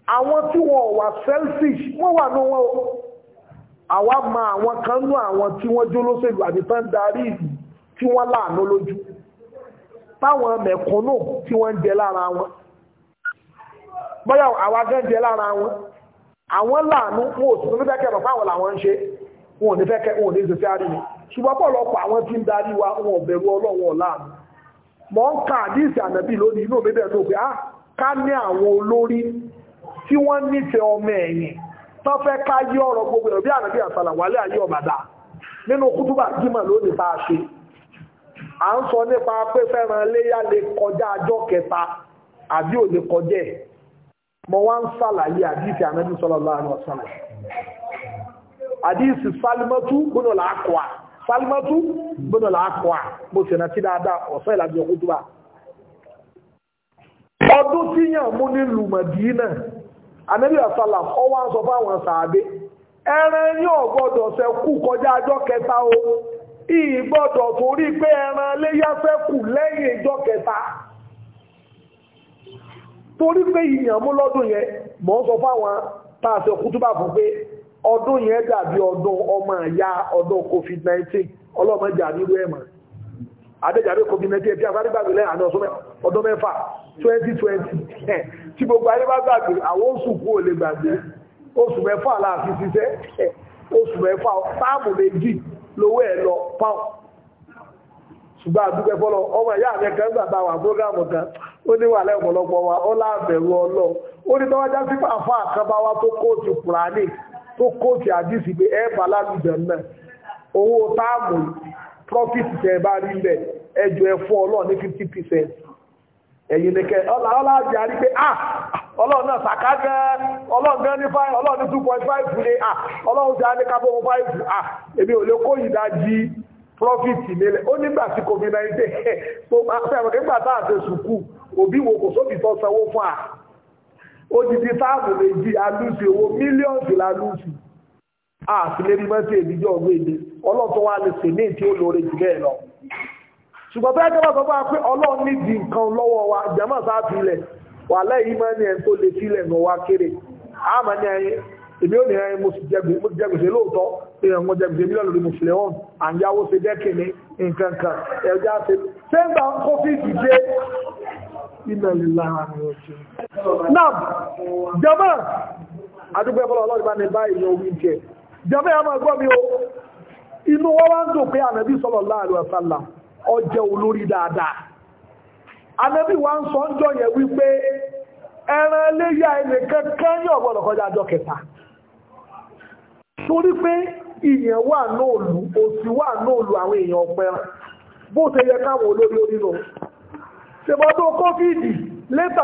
àwọn tí wọ́n wà selfish wọ́n wà ní wọn àwa ma àwọn kan ní àwọn tí wọ́n jó lóṣèlú àti tán darí ìlú tí wọ́n láàánú lójú táwọn mẹ̀kúnnù tí wọ́n ń jẹ lára wọn bóyá àwa gan jẹ lára wọn àwọn láàánú wọn ò tuntun fẹ́ kẹrọ fáwọn làwọn ń ṣe wọn ò ní fẹ́ kẹ wọn ò ní ṣe sí àríwá ṣùgbọ́n pọ̀lọpọ̀ àwọn tí ń darí wa wọn ò bẹ̀rù ọlọ́wọ́ láàánú mọ̀ ń ka àdíìsì ànàbì lónìí inú mi tí wọ́n nífẹ̀ẹ́ ọmọ ẹ̀yìn tó fẹ́ ká yí ọ̀rọ̀ gbogbo ẹ̀rọ bí àrẹ́bí àsàlà wálé ayé ọ̀bàdà nínú kútúbà jímọ̀ lónìí tá a ṣe à ń sọ nípa pé fẹ́ràn léyà lè kọjá ajọ́ kẹta àbí ò lè kọjá ẹ̀ mọ wá ń sàlàyé àdìsí ànábì sallallahu alaihi wasallam àdìsí sálímọ́tú gbọ́dọ̀ làákùá sálímọ́tú gbọ́dọ̀ làákùá mo ọdún tíyàn mú nílùú Mádínà anabi asala ọwọ́ à ń sọ fáwọn sàábé ẹran yín ò gbọ́dọ̀ ṣẹ́kù kọjá ọjọ́ kẹta o ìyí gbọ́dọ̀ torí pé ẹran léyà ṣẹ́kù lẹ́yìn ọjọ́ kẹta torí pé ìyàn mú lọ́dún yẹn mọ̀ ń sọ fáwọn tá a ṣe kútúbà fún pé ọdún yẹn dàbí ọdún ọmọ ìyá ọdún covid-19 ọlọ́mọdé àbírú ẹ̀mọ̀ adéjàre covid nineteen ẹbí agbárí gbàgbé lẹ́yìn àná ọdún mẹ́fà twenty twenty tí gbogbo ayé bá gbàgbé àwọn oṣù kú ò lè gbàgbé oṣù mẹ́fà láàfi ṣiṣẹ́ oṣù mẹ́fà táàmù méjì lówó ẹ̀ lọ pound ṣùgbọ́n àdúgbẹ́ fọ́lọ́ ọmọ ìyá rẹ̀ kan gbàgbà wà búrógámù kan ó ní wà lẹ́ọ̀pọ̀lọpọ̀ wa ó láàbẹ̀rù ọlọ́ ó ní tọ́wájá sí pàfà àkábáwá tó kóòtù kùránì tó kóòtù àdìsí pé ẹ̀ bá lálùjẹ̀ náà owó táàmù profit tẹ̀ bá rí bẹ̀ ẹjọ́ ẹ̀fọ́ ọlọ́run ní fifty percent ẹ̀yìn nìkẹ́ ọlọ́run àjẹ́ àrí pé ah ọlọ́run náà sàká gan ọlọ́run gan ní five ọlọ́run ní two point five ní ah ọlọ́run ti àní kábọ̀ five ah èmi ò lè kó ìdajì profit nílẹ̀ ó nígbà tí covid nineteen tó máa fẹ́ nígbà tá à ṣe sùkúù òbí wo kò sóbì tó sanwó fún à ó ti di táàbù méjì alúùsì owó mílíọ̀nù lálùsì àfilé ní mẹ́sí èdíjọ́ ọgbẹ́dẹ ọlọ́tọ́ wa lè sè ní tí ó lóore jù bẹ́ẹ̀ lọ ṣùgbọ́n bẹ́ẹ̀ kẹ́lá sọ fún wa pé ọlọ́run ní di nǹkan lọ́wọ́ wa jama sáà filẹ̀ wà lẹ́yìn máa ní ẹ̀ tó lè filẹ̀ nù wa kéré àmà ní ẹyin èmi ò ní ẹyin mo sì jẹgbèsè lóòótọ́ èèyàn mo jẹgbèsè mílíọ̀nù lórí mùsùlùmí ọ̀hún àyáwó ṣe dẹ́kìnní nǹkan kan ẹ̀já ṣe sẹ́ńgbà kọ́fíìsì dé ilẹ̀ ìlà àrùn ọ̀ṣẹ́. náà jọba àdúgbò ẹ̀fọ́ ọlọ́dún bá ní báyìí ní orí jẹ jẹ́mẹ́ àmà gbọ́ mi o inú wọ́n wá ń dùn pé ànàbí sallallahu alaihi wasallam ó olórí dáadáa ànàbí wá ń sọ ń jọ wípé ẹran léyà ẹnìkan kan ní ọ̀gbọ́dọ̀ kọjá àjọ kẹta torí pé ìyẹn wà nóòlù òsì wà nóòlù àwọn èèyàn bó yẹ káwọn olórí orí lọ létà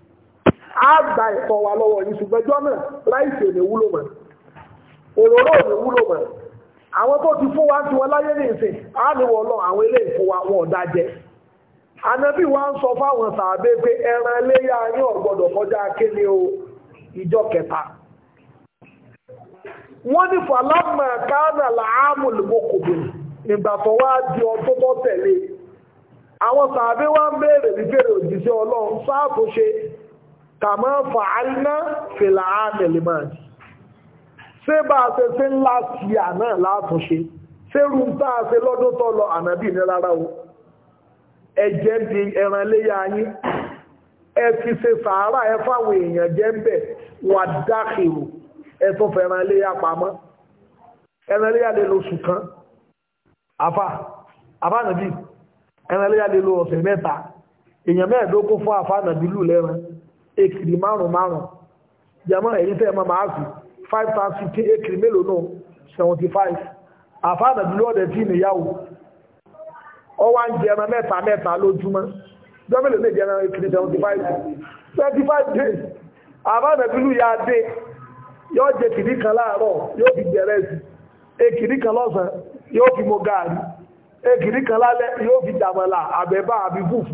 á gba ẹ̀tọ́ wa lọ́wọ́ yìí ṣùgbọ́n ẹjọ́ náà láìsí ò ní wúlò mọ́ òróró ò ní wúlò mọ́ àwọn tó ti fún wa ti wọn láyé ní ìsìn á ní wọ́n lọ àwọn ilé ìfún wa wọn ò dá jẹ ànábì wa ń sọ fáwọn sàábé pé ẹran iléyà yín ò gbọ́dọ̀ kọjá kéde o ìjọ kẹta wọ́n ní fàlámà kánà làámù lùmọ́kòbè nígbà tó wá di ọdún tó tẹ̀lé àwọn sàábé wa ń béèrè nígbèrè òjíṣẹ́ ọlọ́run sáàtò ṣe kàmọ́ fàálínà fìlà àmìlìmáàdì ṣé bá a ṣe ṣe ńlá sí àná látúnṣe ṣé rú tá a ṣe lọ́dún tó lọ ànábì ní rárá o ẹ̀jẹ̀ di ẹran léyà yín ẹ fi ṣe sàárà ẹ fáwọn èèyàn jẹ́ ń bẹ̀ wà dákìrò ẹ tó fẹ́ràn léyà pamọ́ ẹran léyà lè lóṣù kan àfà àfà ànábì ẹran léyà lè lo ọ̀sẹ̀ mẹ́ta èèyàn mẹ́ẹ̀ẹ́dógún fún àfà ànábì lù lẹ́ran ekiri márùn márùn jẹmọ́ ẹ̀yìn tẹ́ ẹmọ máa fi 5,050 ekiri mélòó náà 75 àfáàdà dúró ọ̀dẹ̀ tí ìnìyàwó ọwá ń jẹmọ mẹ́ta mẹ́ta lójúmọ́ jọ́mẹ́lò lè jẹmọ ekiri 75 25 days àfáàdà dúró ya dé yóò jẹ kìdí kan láàárọ̀ yóò fi jẹrẹ sí ekiri kan lọ́sàn yóò fi mo gaari ekiri kan lálẹ́ yóò fi jàmọ̀là àbẹ̀bá àbí fùfú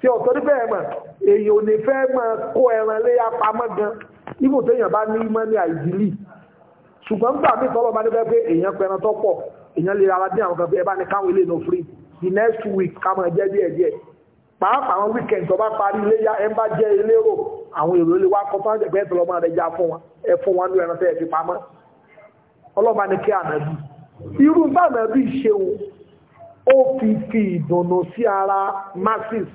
tí ọ̀tọ́ ní bẹ́ẹ̀ mọ̀ èyàn ò ní fẹ́ mọ́ kó ẹran lé apamọ́ gan ibò téèyàn bá ní mọ́ ní àìdílì ṣùgbọ́n gbà mí tọ́lọ́ bá ní fẹ́ pé èyàn pẹran tó pọ̀ èyàn lè ara dín àwọn kan ẹ bá ní káwọn ilé náà free the next week ká mọ̀ jẹ́ díẹ̀ díẹ̀ pàápàá àwọn weekend tó bá parí iléyà ẹ bá jẹ́ elérò àwọn èrò ilé wa kọ́ fáwọn ẹgbẹ́ tọ́lọ́ máa rẹ̀ já fún wọn ẹ fún wọn ní ẹran ó fi fi ìdùnnú sí ara masses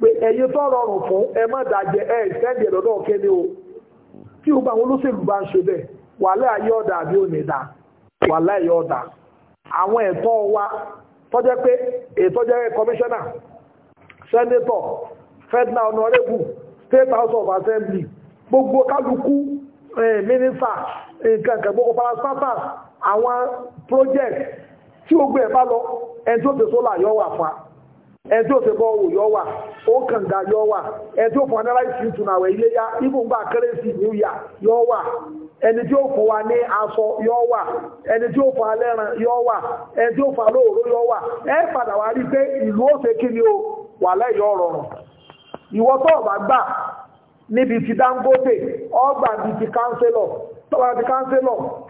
pé ẹ̀yin tó rọrùn fún ẹ má dàjẹ́ ẹ̀ ìfẹ́ǹdì ẹ̀lọ́dọ̀ kéde o tí o bá àwọn olóṣèlú bá ń ṣe bẹ́ẹ̀ wàhálà yóò ọ̀dà àbí òní dà wàhálà yóò ọ̀dà àwọn ẹ̀tọ́ wa tọ́jẹ́ pé ètọ́jẹ́ kọmíṣánná sẹ́nétọ̀ federal honorable state house of assembly gbogbo kálukú mínísà nǹkan kẹgbogbo parastatus àwọn project tí ó gbé ẹ̀bá lọ ẹni tó tẹ̀ sólà wà fún ẹni tí ó fẹ́ bọ́ọ̀wò yọ wà ó kànga yọ wà ẹni tí ó fún analysis tún àwẹ̀ ilé yá ibùn gbà kérésì new year yọ wà ẹni tí ó fún wa ní aṣọ yọ wà ẹni tí ó fún alẹ́ran yọ wà ẹni tí ó fún alóòró yọ wà ẹ padà wá rí pé ìlú kí ni o wà lẹ́yìn ọ̀rọ̀ ìwọ tó ọ̀bà gbà níbi ti Dangote ọgbà bíi ti kánsẹ́lọ̀ tọ́wọ́ ti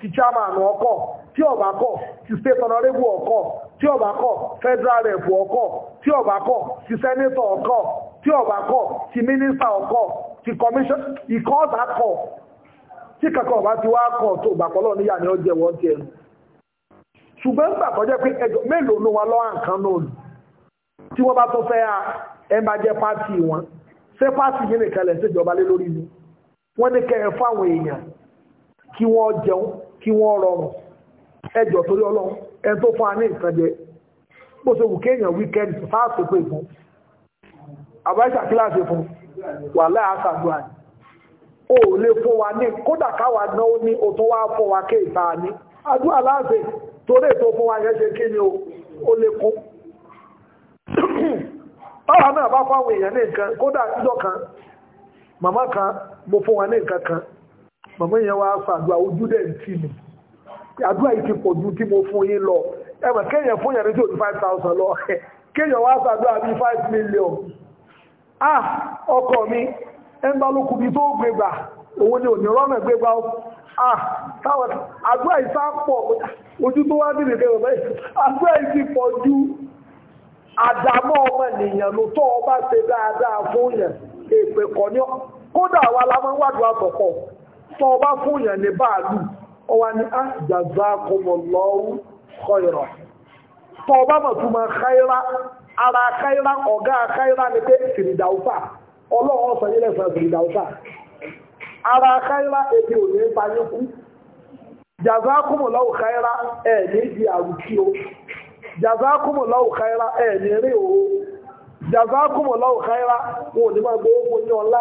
ti chairman ọkọ̀ tí ọ̀bá kọ̀ ti state honorable ọkọ̀ tí ọ̀bá kọ̀ federal rep ọkọ̀ tí ọ̀bá kọ̀ ti senator ọkọ̀ tí ọ̀bá kọ̀ ti minister ọkọ̀ ti commission ikọ̀ ọ̀bá kọ̀ tí kankan ọ̀bá ti wá kọ̀ tó gbàpọ̀lọ́ níyà ni ó jẹ́ wọ́n ti ẹnu ṣùgbọ́n gbà kọjá pé ẹjọ́ mélòó ló wa lọ́wọ́ nǹkan náà lù tí wọ́n bá tó fẹ́ à ẹ máa jẹ́ pátì wọn ṣé pátì yìí nìkan lẹ̀ ṣèjọba lé lórí ni wọ́n ní kẹ́ ẹ fáwọn èèyàn kí wọ́n jẹun kí wọ́n rọrùn ẹjọ́ torí ọlọ́run ẹ tó fún wa ní nǹkan jẹ bó ṣe wù kéèyàn wíkẹ́ndì fáàsì pé fún àbáṣà kíláàsì fún wà láàásàdúrà ní o lè fún wa ní kódà káwà náà ní o tó wá fún wa kéèta ní àdúrà láàṣẹ torí ètò fún wa yẹn ṣe kí ni o lè kún báwa náà bá àwọn èèyàn ní nǹkan kódà ìjọ kan màmá kan mo fún wa ní nǹkan kan màmá yẹn wá sàdúrà ojú dẹ̀ ń tì mí àdúrà yìí ti pọ̀ tí mo fún yín lọ ẹ̀mọ̀ kéèyàn fún yẹn tí ní five thousand lọ kéèyàn wá sàdúrà bíi five million ah ọkọ mi ẹnbalùkù bíi tó gbégbà òun ni òní rọ́nà gbégbà ó ah táwọn àdúrà yìí sá pọ̀ ojú tó wá ju àdámọ́ ọmọ ènìyàn tọ́ ọba ṣe dáadáa fún yẹn èpè kódà wa ó wá ní á ah, jazakumullahu khayra tọ́ ọba mọ̀ tó máa khayra ara khayra ọ̀gá khayra ni pé fìrìdàúfà ọlọ́run ọ̀sán yẹlẹ̀ sàn fìrìdàúfà ara khayra èdè òní ń pa yín kú jazakumullahu khayra ẹ̀ ní di àrùkí o jazakumullahu khayra ẹ̀ ní rí o jazakumullahu khayra wọn ò ní máa gbowó fún yín ọ̀la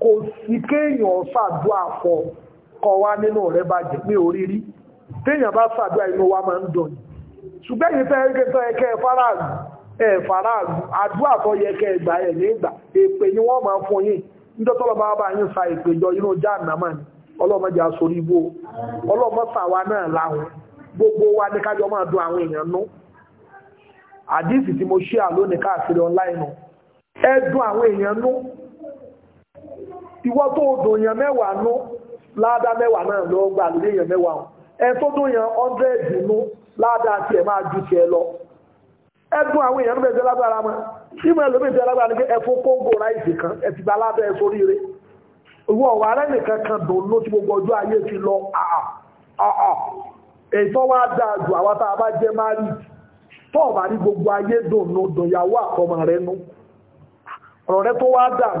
kò sí kéèyàn ṣàdúrà fọ kọwa nínú rẹ̀ bàjẹ́ pé orírí téèyàn bá ṣàdúrà inú wa máa ń dọ̀nì ṣùgbẹ́ yìí fẹ́ ké tọ́ ẹkẹ́ faraàlú ẹ̀ faraàlú tó yẹ kẹ́ ẹgbà ẹ̀ nígbà èpè ni wọ́n máa fún yìí yín sa èpè jọ inú ni ọlọ́mọdé náà láhùn gbogbo wa ní kájọ máa ìwọ tó dùn yàn mẹ́wàá nú ládá mẹ́wàá náà ló gbà lórí yàn mẹ́wàá o ẹ tó dùn yàn ọ́ndẹ́ẹ̀dì nú ládá tiẹ̀ máa ju tiẹ̀ lọ ẹdùn àwọn èèyàn bẹ̀rẹ̀ lágbára mọ́ ìmọ̀ ẹlòmíì tẹ́ lágbára ní pé ẹfún kóńgò ráìsì kan ẹ̀tì gba alábẹ́ ẹ̀ sórí rẹ̀ ìwọ ọ̀wà arẹ́nìkan kan dùn ló ti gbogbo ọjọ́ ayé ti lọ àà ètò wa dáa jù àwọn tá a bá jẹ́ máa rí tó ọ̀bà rí gbogbo ayé dùn nù dùn yàwó àkọmọ rẹ̀ nù ọ̀rọ̀ rẹ̀ tó wá dàbí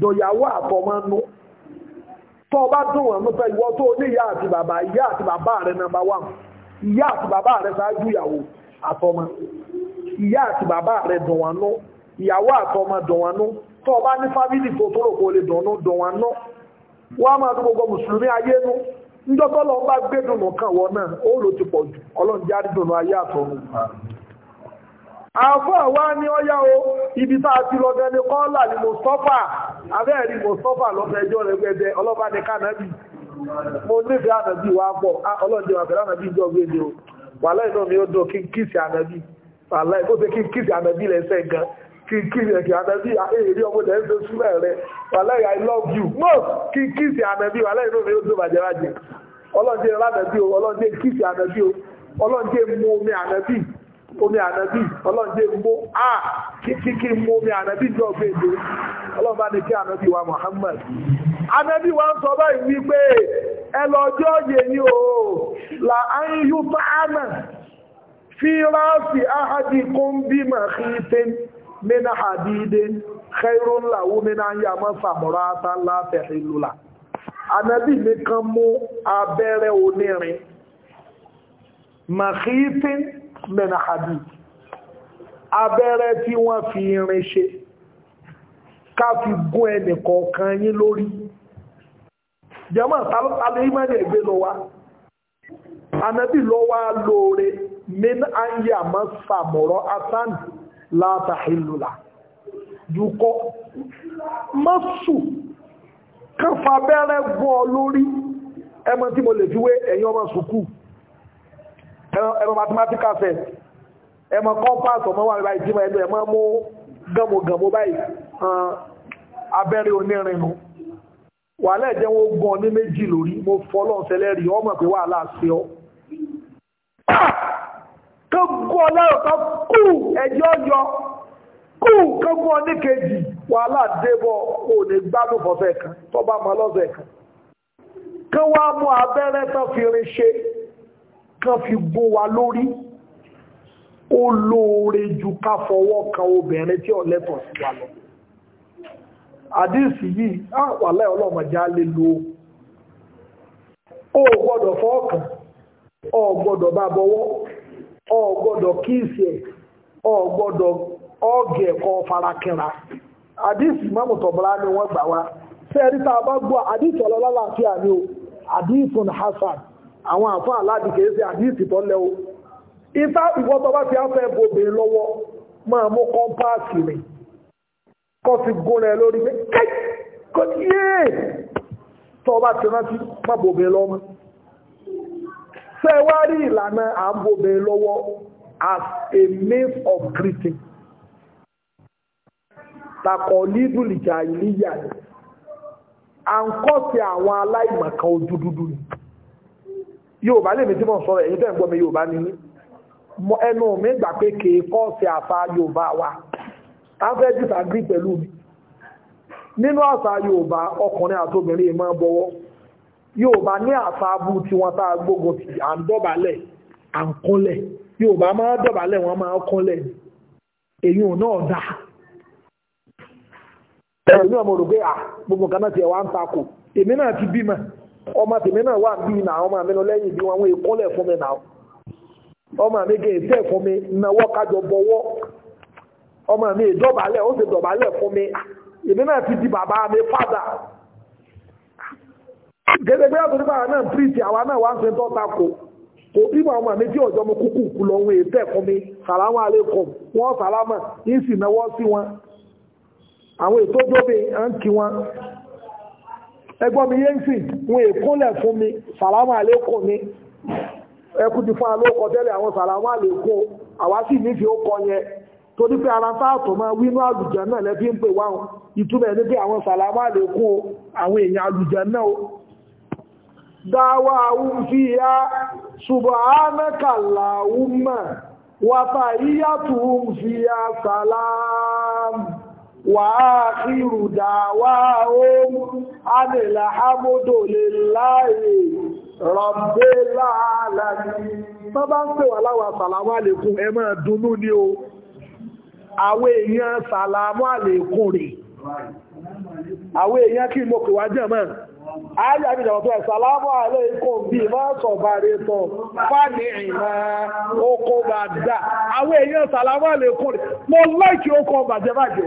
dọ̀yàwó àtọmọ́ nú tó bá dùn wọn mọ́ta ìwọ tó ní ìyá àti bàbá ìyá àti bàbá rẹ̀ nàmbà wà ìyá àti bàbá rẹ̀ ṣáájú ìyàwó àtọmọ́ ìyá àti bàbá rẹ̀ dùn wọn nú ìyàwó àtọmọ́ dùn wọn nú tó bá ní fámìlì tó tó rò kó lè dùn nú dùn wọn nú wọ́n kan náà ó lò ti pọ̀ jù ọlọ́run ayé àfọ́ àwa ní ọyá o ibi tá a ti lọ gan ni kọ́là ni mustapha abẹ́ẹ̀rí mustapha lọ́fẹ̀ẹ́jọ́ rẹ̀ gbẹdẹ ọlọ́ba ní kánàbì mo wa pọ̀ ọlọ́dẹ ìjọ o wàhálà mi ó kí n kíìsì wàhálà ṣe kí n kíìsì lẹ́sẹ̀ gan kí n kíìsì ẹ̀kì ọmọ ilẹ̀ súnmọ́ rẹ wàhálà I love you mo kí n kíìsì ànàbì wàhálà inú mi ó dùn ọlọ́dẹ omi ànàbí ọlọ́njẹ́ mbó à kíkíkí mbó omi ànàbí jọ gbé èdè ọlọ́nbá ní kí ànàbí wa Muhammad ànàbí wa ń sọ báyìí wípé ẹlọ́jọ́ yẹ ní o là ń yú fáánà fi ráàsì áhàdì kún bí mà kí tẹ́ mẹ́nà àdídé kẹ́rù ńlá wú mẹ́nà yà mọ́ sàmúrà tán láfẹ̀ ìlúlà ànàbí mi kan mú abẹ́rẹ́ onírin mà mẹ́nà hadith abẹ́rẹ́ tí wọ́n fi irin ṣe ká fi gún ẹnì kọ̀ọ̀kan yín lórí jẹ́mọ́ tàbí mẹ́rin ẹgbẹ́ lọ wá anábì lọ wá lóore min anya masa mọ̀rọ̀ asan látàhìlùlà jùkọ mọ́sù kan fàbẹ́rẹ́ gún ọ lórí ẹmọ tí mo lè fi wé ẹ̀yin ọmọ sùkúù ẹmọ mathematical set ẹmọ compass ọmọ wà báyìí tí mo ẹnu ẹmọ mú gàmùgàmù báyìí abẹ́rẹ́ onírinnu wàhálà ẹ̀jẹ̀ wọn gan ní méjì lórí mo fọlọ́n sẹlẹ́rì ọmọ pé wàhálà sí ọ kókó ọlọ́run kan kú ẹjọ́ yọ kú kókó oníkejì wàhálà débọ̀ ò ní gbádùn fọ́sẹ̀ kan tó bá mọ lọ́sẹ̀ kan kí wọ́n á mú abẹ́rẹ́ tán fi rin ṣe kan fi gbó wa lórí ó lóore ju ká fọwọ́ kan obìnrin tí lẹ́tọ̀ sí wa lọ àdíìsì yìí ah, wà láì ọlọ́mọdé á lè lo ó gbọ́dọ̀ fọwọ́ kan ó gbọ́dọ̀ bá bọwọ́ ó gbọ́dọ̀ kíìsì ẹ̀ ó gbọ́dọ̀ ọ́ọ̀gì ẹ̀kọ́ farakínra àdíìsì mọ́mù tọ̀bọ̀lá ni wọ́n gbà wá sẹ́ẹ̀rí tá a bá gbọ́ àdíìsì ọlọ́lá láàfíà ni o àdíìsì hasan àwọn àfáà láti kèé sí àdíìsì tó lẹ́wọ́ ifá ìwọ́tọ́ bá ti afẹ́ bòbè lọ́wọ́ máa mú kọ́mpáàsì rìn kọ́ fi gún rẹ̀ lórí pé kò ní yé e. tọ́ bá ti rántí má bòbè lọ́mọ fẹ́wárí ìlànà à ń bòbè lọ́wọ́ as a means of greeting takọ̀ lídùlìjà ìlíyà à ń kọ́ sí àwọn aláìmọ̀kan ojú dúdú ni. Yorùbá lèmi tí mo sọ̀rọ̀ ẹ̀yin tẹ́ ń gbọ́ mi Yorùbá ni ẹnu mi gbà pé kì í kọ́ọ̀sì àṣà Yorùbá wa afẹ́ disagree pẹ̀lú mi nínú àṣà Yorùbá ọkùnrin àtobìnrin ìmọ̀ bọ̀wọ́ Yorùbá ní àṣà abú tí wọ́n tá gbógun ti à ń dọ̀bálẹ̀ à ń kúnlẹ̀ Yorùbá máa dọ̀bálẹ̀ wọ́n máa kúnlẹ̀ èyí ò náà dáa ẹ̀rọ ní ọmọ rògbé à gbogbo kan náà ti ẹ̀ wá ń takò èmi náà ti bímọ ọmọ tèmi náà wà bí nà ọmọ mi lọ lẹ́yìn bí wọn àwọn ìkọ́lẹ̀ fún mi náà ọmọ mi gẹ̀ ìfẹ́ fún mi náwó kájọ bọ̀wọ́ ọmọ mi ìdọ̀bálẹ̀ ó sì dọ̀bálẹ̀ fún mi èmi náà ti di bàbá mi padà. gẹ́gẹ́gbẹ́ àtúndì bàbá náà pírìtì àwa náà wà ń sin tó kò bí ọmọ mi tí ọjọ́ mi mi sàlámù sì náwó sí wọn àwọn ètò ẹgbọ́n mi yéé sì wọn èkúnlẹ̀ fún mi sàlámù àlékún mi ẹkú ti fún alóòkọ tẹ́lẹ̀ àwọn sàlámù àlékún àwa sì nífẹ̀ẹ́ ó kọ yẹn torí pé ara sáàtọ̀ máa wínú àlùjẹ́ náà lẹ́bí ń pè wáhùn ìtumọ̀ ní pé àwọn sàlámù àlékún àwọn èèyàn àlùjẹ́ náà ó dáwà fi ya ṣùgbọ́nàkàlà ọmọ wàtà ìyàtù fi ya sàlámù وآخر دعواهم أن الحمد لله رب العالمين tó bá ń pè wà láwà sàlámù àlékún ẹ máa dunú ní o àwọn èèyàn sàlámù àlékún rẹ̀ àwọn èèyàn kí mo kò wá jẹ́ mọ́ ayé àbìdàwò tó ẹ̀ sàlámù àlékún bí máa sọ̀bàrẹ̀ tọ̀ fáàní ìmá okó bàdà àwọn èèyàn sàlámù àlékún rẹ̀ mo láìkí okó bàjẹ́ bàjẹ́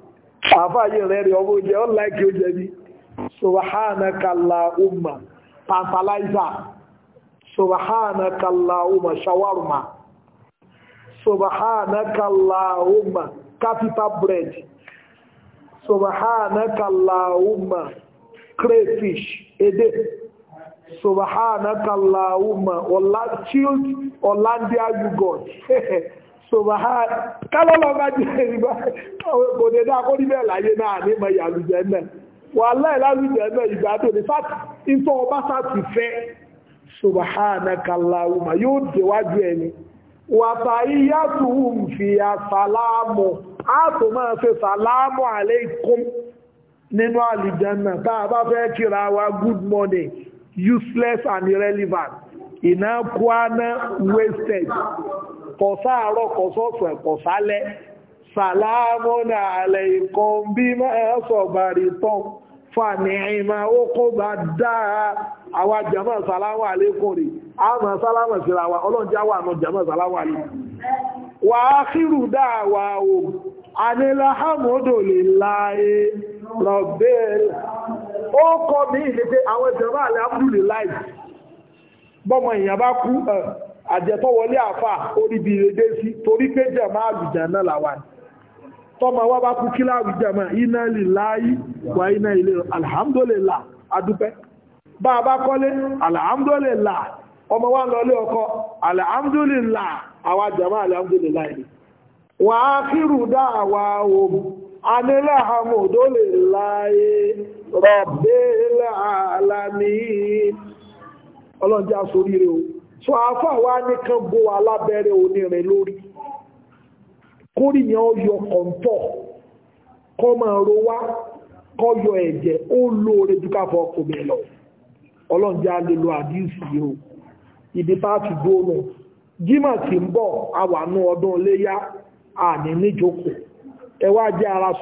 àfáàyè rẹ̀ rí ọmọ oúnjẹ ó láìkí oúnjẹ bí subhanakallahumma tantalizer subhanakallahumma shawarma subhanakallahumma capital bread subhanakallahumma crayfish edé subhanakallahumma ọ̀lá chilled Hollandia yogurt subahad kálọ́lọ́ bá jẹ́ ìrìbá kò dé dá kó níbẹ̀ láyé náà ní mọ̀ ìyàlùjẹ́ náà wà láì lálùjẹ́ náà ìgbà tó ní fàtí ìtọ́ ọba sáti fẹ́ subhanakallahumma yóò déwájú ẹni wàtà iyátù useless and irrelevant ìnákwáná wasted kọ̀ sáàárọ̀ kọ̀ sọ́sọ̀ ẹ̀kọ̀ sálẹ́ sàlámọ́nà alẹ́ ìkan bí máa sọ̀bàrì tán fàní ìmá ó kó bá dáa àwa jàmá sàlámà alékùn rí àmà sàlámà síra wa ọlọ́njẹ́ wà náà jàmá bọ́mọ ìyàn kú ẹ̀ àjẹtọ́wọlé àfà orí bí sí torí pé jẹ̀má àlùjẹ̀ náà làwà ní wá bá kú kí láàrù iná lè láyé wà iná ilé alhamdulillah adúpẹ́ bá bá kọ́lé alhamdulillah ọmọ wá lọlé ọkọ alhamdulillah àwa jẹ̀má ohun so àáfàá wa nìkan bo onirin lori kori kórì yẹn ọyọ kọ̀ǹtọ̀ kọ́ máa ro wá yọ ẹ̀jẹ̀ ó lóore dúkà fọ́ ọkùnrin lọ ọlọ́njẹ́ àlelo àdíìsì yìí o ibi tá a ti ń bọ̀ àwànú ọdún léyá àní níjókòó ẹ ara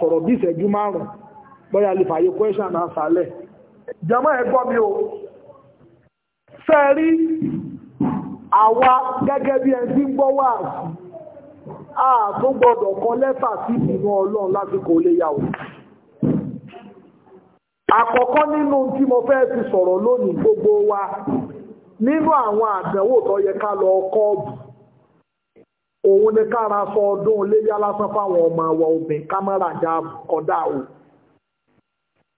question mi o àwa gẹ́gẹ́ bí ẹni tí ń gbọ́ wà sí ààtún gbọdọ̀ kan lẹ́fà sí ìbínú ọlọ́run lásìkò àkọ́kọ́ nínú tí mo fẹ́ ti sọ̀rọ̀ lónìí gbogbo wa nínú àwọn àdánwò tó yẹ ká lọ òun ni sọ ọdún lásán fáwọn ọmọ obìnrin o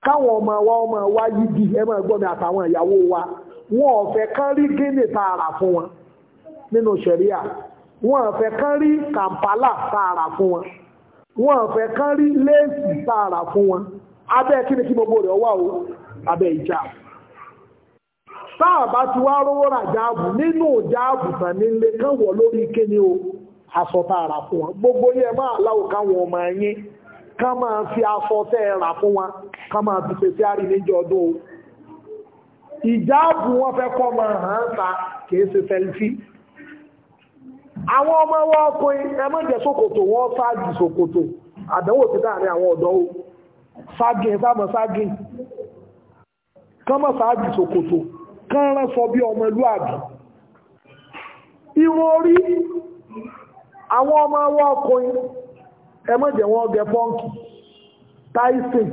káwọn ọmọ wa ọmọ wa ẹ máa gbọ́ wa wọn ò fẹ́ kán rí nínú ṣẹ̀ríà wọ́n fẹ́ kán rí kàmpálà tààrà fún wọn wọ́n fẹ́ kán rí léèsì tààrà fún wọn abẹ́ kí ni kí gbogbo rẹ̀ wà ó abẹ́ ìjà sáàbá ti wá rówó rà jáàbù nínú jáàbù tàn nílé kán wọ̀ lórí kíni o aṣọ tààrà fún wọn gbogbo yẹ máa láwò káwọn ọmọ yín ká máa fi aṣọ tẹ́ ẹ rà fún wọn ká máa fi pèsè àrí níjọ ọdún o ìjáàbù wọn fẹ́ kọ́ máa hàn án ta kìí ṣe fẹ́lifí àwọn ọmọ wọn ọkùnrin ẹ má jẹ́ ṣòkòtò wọn ságì ṣòkòtò àdánwò ti dáàrin àwọn ọ̀dọ́ o ságì ẹ sáàmọ̀ ságì kánmọ̀ ságì ṣòkòtò kán rán sọ bí ọmọlúàbí ìwọ̀n orí àwọn ọmọ wọn ọkùnrin ẹ má jẹ́ wọn gẹ pọ́ǹkì Tyson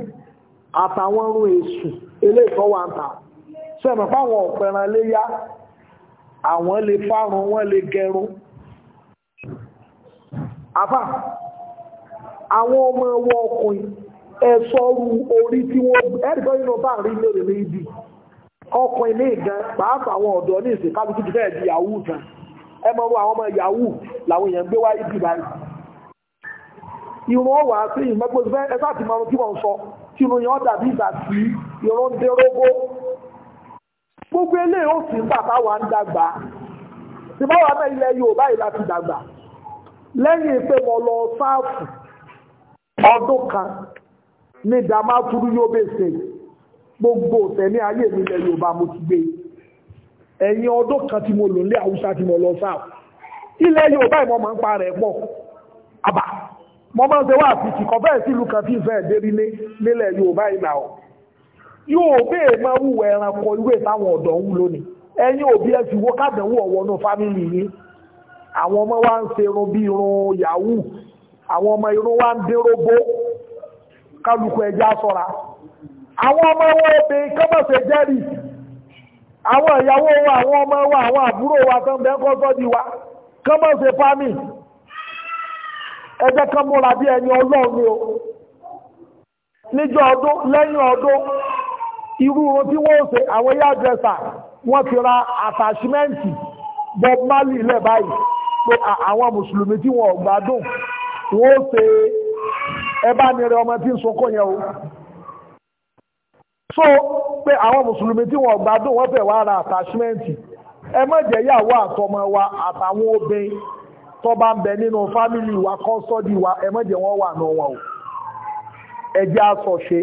àtàwọn ọrùn èṣù eléèkọ́wà ń ta sẹ́mọ̀ fáwọn ọ̀pẹ̀ràn léyá àwọn lè fárun wọ́n lè gẹrun àfà àwọn ọmọ ọwọ́ ọkùnrin ẹ̀sọ́rù orí tí wọ́n ẹ̀rìkọ́ nínú bá rí lórí léèdì ọkùnrin ní ìgan pàápàá àwọn ọ̀dọ́ ní ìsìn kábíkú ti fẹ́ẹ̀ di yahoo gan ẹ mọ̀ àwọn ọmọ yahoo làwọn èèyàn gbé wá ibi báyìí ìrún ọwà sí ìmọ́gbó ti fẹ́ ẹ sáà ti mọ ohun tí wọ́n sọ tí irun yẹn dàbí ìgbà tí ìrún ń gbogbo eléyìí ó sì ń bàbá wa ń dàgbà ìbáwá náà ilẹ̀ Yorùbá yìí láti dàgbà lẹ́yìn pé mo lọ sáàfù ọdún kan ní Damaturu Yobe State gbogbo ọ̀sẹ̀ ní ayé mi lẹ Yorùbá mo ti gbé ẹ̀yìn ọdún kan tí mo lò nílé Haúsá tí mo lọ sáàfù ilẹ̀ Yorùbá ìmọ̀ máa ń pa rẹ̀ pọ̀ àbá mo máa ń ṣe wá àfìkì kọfẹ́ sílùú kan tí ìfẹ́ ẹ̀dẹ́rí nílẹ̀ Yorùbá ìlà ọ̀ yóò bèè máa wúwo ẹranko ìwé táwọn ọ̀dọ́ ń lónìí ẹ̀yin òbí ẹ sì wó kádànwó ọ̀wọ́nú fámìlì yín àwọn ọmọ wa ń ṣe irun bí irun yahoo àwọn ọmọ irun wa ń dé róbó kálukú ẹja sọ́ra àwọn ọmọ wọn obìnrin kọ́mọ̀sẹ̀ jẹ́rì àwọn ìyàwó wa àwọn ọmọ wa àwọn àbúrò wa tó ń bẹ́ kọ́sọ́ di wa kọ́mọ̀sẹ̀ fámì ẹjẹ́ kan múra bí ẹni ọlọ́run o níjọ́ ọdún lẹ́yìn ọdún irú ohun tí wọ́n ṣe àwọn yá dẹ́sà wọ́n ti ra àtàṣímẹ́ǹtì Bob Marley lẹ́ báyìí so àwọn mùsùlùmí tí wọn gbádùn wọn ó ọmọ tí ń yẹn o so pé àwọn mùsùlùmí tí wọn gbádùn wọn fẹ́ wá ra àtàṣímẹ́ǹtì ẹ jẹ́ àtọmọ wa àtàwọn obìnrin tó bá ń bẹ nínú fámìlì wa kọ́sọ́dì wa ẹ má jẹ́ wọ́n wà náà o aṣọ ṣe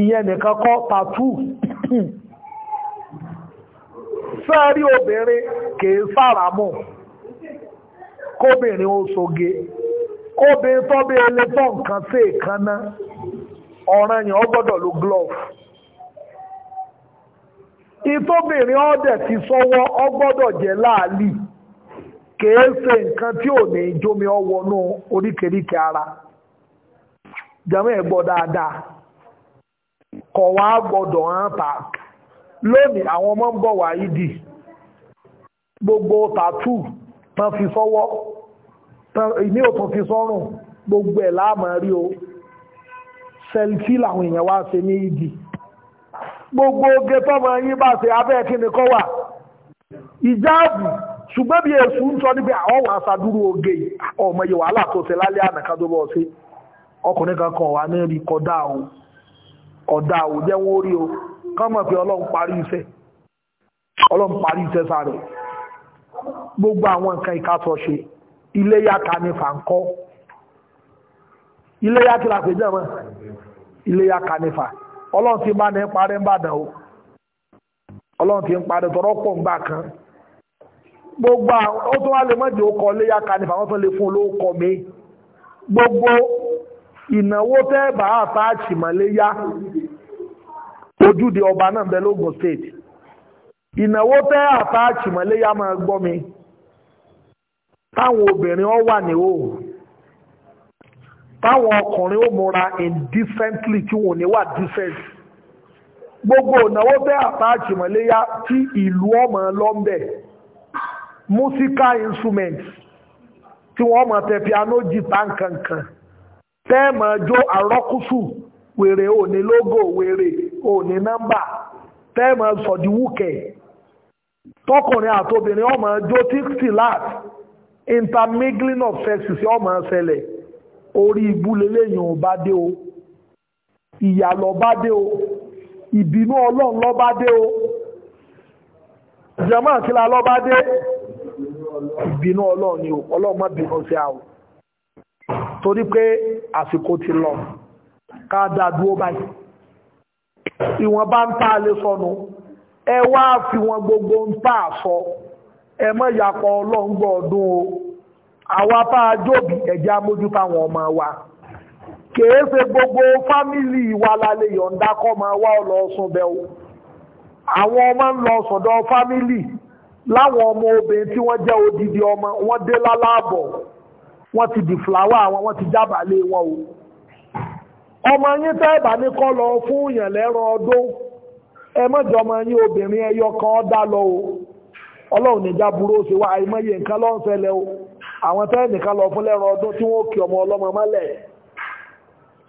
ìyẹn nìkan kọ́ tàtú sẹ́ẹ̀rí obìnrin kóbìnrin ó soge kóbìnrin tọ́bí ẹlẹ́ tọ́ nǹkan sí èékánná ọ̀ràn yẹn ó gbọ́dọ̀ lo glove ìtọ́bìnrin ọ̀dẹ̀ ti sọ́wọ́ ọ gbọ́dọ̀ jẹ́ láàlì kèé ṣe nǹkan tí ò ní jómi ọwọ́nú oríkèríkè ara jẹ́mú ẹ̀ gbọ́ dáadáa kọ̀ wá gbọ́dọ̀ hàn tà lónìí àwọn ọmọ ń bọ̀ wáyé dì gbogbo tàtù tán fi sọ́wọ́ ìní òtún fi sọ́rùn gbogbo ẹ̀ láàmà rí o sẹ́lfí làwọn èèyàn wá ṣe ní ìdí gbogbo oge tọ́mọ yín bá ṣe abẹ́ kí ni kọ́ wà ìjáàbù ṣùgbọ́n bí èṣù ń sọ níbi àwọn wà ṣàdúró oge ọmọ yìí wàhálà tó ṣe lálẹ́ àná ká tó bọ̀ ṣe ọkùnrin kan kan wà ní rí kọdá o kọdá o jẹ́ wọ́n rí o kán mọ̀ pé ọlọ́run parí iṣẹ́ ọlọ́run parí iṣẹ́ sáré gbogbo àwọn nǹkan ìkásọ̀ ṣe iléyà ká ní fàǹkọ́ iléyà kí la pè jẹ́ mọ́ iléyà ká ní fà ọlọ́run ti bá ní parẹ́ ń bàdàn o ọlọ́run ti ń parẹ́ tọrọ pọ̀ ń kan gbogbo ó tún wá lè mọ́jì ó kọ iléyà ká ní fà wọ́n tún lè fún olówó kọ mi gbogbo ìnáwó tẹ́ bá àtàchì mọ́léyà ojúde ọba náà bẹ lógun state ìnáwó tẹ́ àtàchì mọ́léyà máa gbọ́ mi. táwọn obìnrin ọ wà ní òòrùn táwọn ọkùnrin ó múra indecently tí wọn ò ní wà decent gbogbo ìnáwó bẹ́ẹ̀ àtàjì mọ́léyá tí ìlú ọmọ lọ́mbẹ̀ musical instruments tí wọ́n mọ̀ tẹ piano jìtá nkankan tẹ́ẹ̀mọ̀ jó àrọ́kùsù wèrè òní logo wèrè òní nọ́mbà tẹ́ẹ̀mọ̀ sọ̀díwúkẹ̀ tọkùnrin àtobìnrin ọmọ jó tíkìtì láti intermingling of sexes yóò máa ṣẹlẹ̀ orí ibú lélẹ́yìn ò bá dé o ìyà lọ bá dé o ìbínú ọlọ́run lọ bá dé o jẹ́mọ́ àkílá lọ bá dé ìbínú ọlọ́run ni o ọlọ́run má bínú sí àwọn torí pé àsìkò ti lọ ká dá báyìí ìwọ̀n bá ń tá a sọnù ẹ wá fi wọn gbogbo ń tá sọ. So ẹ mọ́ ìyapọ̀ ọlọ́ngbọ̀ ọdún o àwa bá a jóòbí ẹ̀jẹ̀ amójú ọmọ wa kèé ṣe gbogbo fámìlì wa la lè yọ̀ǹda kọ́ máa wá lọ bẹ́ẹ̀ àwọn ọmọ ń lọ sọ̀dọ̀ fámìlì láwọn ọmọ obìnrin tí wọ́n jẹ́ odidi ọmọ wọ́n dé lálábọ̀ wọ́n ti di fìláwà wọn wọ́n ti jábàálé wọn o ọmọ yín tẹ́ẹ̀bà ní kọ́ lọ fún ìyànlẹ́rọ ọdún ẹ mọ́jọ ọmọ yín obìnrin ẹyọ kan dá lọ o ọlọ́run nìjá burú ṣe wá àìmọye nǹkan ló ń o àwọn tẹ́ẹ̀nìkan lọ fún lẹ́rọ ọdún tí wọ́n kí ọmọ ọlọ́mọ mọ́lẹ̀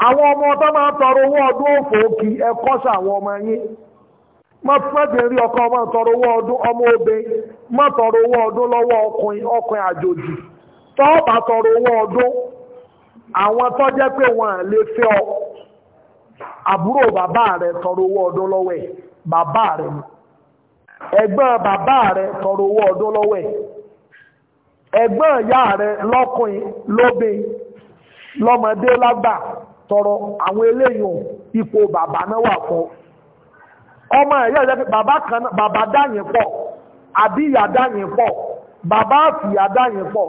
àwọn ọmọ ọtọ́ máa tọrọ owó ọdún òfò kí àwọn ọmọ yín mọ́tìmọ́tì rí ọkọ ọmọ tọrọ owó ọdún ọmọ obe owó ọdún lọ́wọ́ ọkùnrin àjòjì tọ́ọ̀bà àwọn ẹ̀gbọ́n bàbá rẹ̀ tọrọ owó ọdún lọ́wọ́ ẹ̀ ẹ̀gbọ́n ìyá rẹ̀ lọ́kùnrin lóbin lọ́mọdé lágbà tọrọ àwọn eléyìn ipò bàbá náà wà fún ọmọ ẹ̀yà ìjẹ́ pé bàbá kan bàbá dáyìn pọ̀ àbí ìyá dáyìn pọ̀ bàbá àfìyà dáyìn pọ̀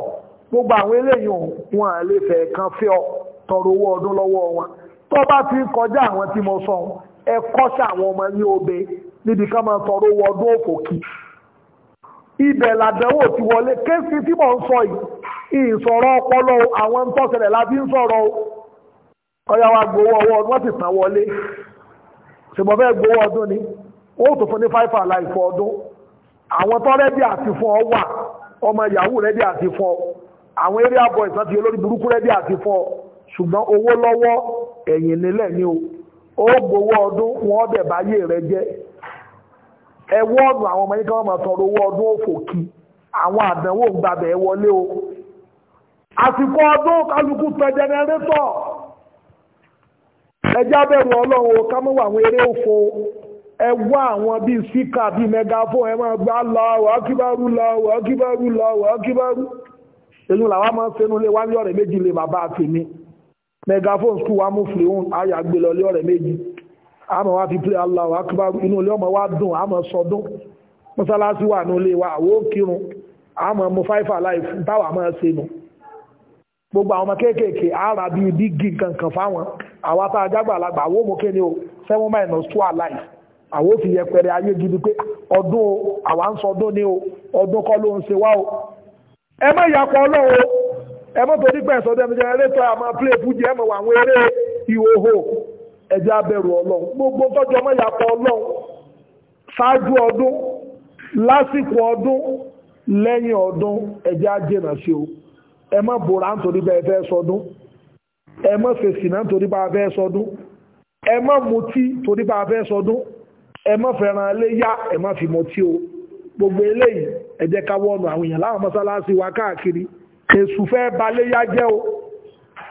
gbogbo àwọn eléyìn wọn lè fẹ́ kan fẹ́ ọ tọrọ owó ọdún lọ́wọ́ wọn tó bá ti kọjá àwọn tí mo sọ ẹ kọ́ṣà àwọn ọmọ yín obe níbi ká máa tọrọ owó ọdún òfò kí ibẹ̀ làdánwò ti wọlé kéésì tí mò ń sọ yìí ìsọ̀rọ̀ ọpọlọ àwọn ń tọ́sẹ̀lẹ̀ la fi ń sọ̀rọ̀ ọyá wa gbowó ọwọ́ ọdún wọ́n ti tàn wọlé ṣùgbọ́n fẹ́ gbowó ọdún ni ó tó fún ní five alive for ọdún àwọn tó rẹ́dí àti fún ọ wà ọmọ yahoo rẹ́dí àti fún ọ àwọn area boys náà olórí burúkú rẹ́dí àti fún ọ ṣùgbọ́n owó lọ́wọ́ ẹ̀yìn nílẹ̀ ni o ó gbowó ọdún wọn ọdẹ̀ báyé rẹ jẹ́ ẹwọ́ ọ̀nà àwọn ọmọ yín kí wọ́n máa tọrọ owó ọdún òfò kí àwọn àdánwò gbàbẹ̀ ẹ wọlé o àsìkò ọdún kálukú tẹ jẹnẹrétọ̀ ẹjá bẹ̀rù ọlọ́run o ká mọ́ wà àwọn eré òfò ẹ wá àwọn bíi síkà bíi mẹgàfóònù ẹ máa gbá láwọ̀ akíbárú láwọ̀ akíbárú láwọ̀ akíbárú èyí làwọn máa ń sẹ́nu lé wáyé ọ̀rẹ́ méjì lè bàbá àtẹ̀mí mẹgàfóònù skul wa mú fìlè hùn ayàgbélọ́lé ọ̀rẹ́ méjì àmọ́ wá fi play Allahu Akbar inú ilé ọmọ wa dùn àmọ́ sọdún mọ́sálásí wà ní ilé wa àwọ́ kírun àmọ́ mo fáìfà láìfù táwà máa ṣe nù gbogbo àwọn ọmọ kéékèèké ara bí dígì kankan fáwọn àwọn tá a jágbà àwọ́ mo kéde o seven minus two alive àwọ́ fi yẹpẹrẹ ayé gidi pé ọdún àwa ń sọdún ni o ọdún kọ́ ló ń ṣe wá o ẹ má yàpọ̀ ọlọ́wọ́ ẹ mọ́ torí pẹ̀sọ́dọ̀ ẹ̀mí jẹ́ eré tó àmọ́ fújì ẹjẹ́ abẹ̀rù ọlọ́run gbogbo tọ́jọ́ mọ́ ìyàpọ̀ ọlọ́run ṣáájú ọdún lásìkò ọdún lẹ́yìn ọdún ẹjẹ́ ajẹ́nà sí o ẹ má bòrá nítorí bá ẹ fẹ́ sọdún ẹ má fèsì náà nítorí bá ẹ fẹ́ sọdún ẹ má mutí torí bá ẹ fẹ́ sọdún ẹ má fẹ́ràn iléyá ẹ má fi mutí o gbogbo eléyìí ẹjẹ́ káwọ́ ọ̀nà àwọn èèyàn láwọn mọ́sálásí wa káàkiri èṣù fẹ́ baléyá jẹ́ o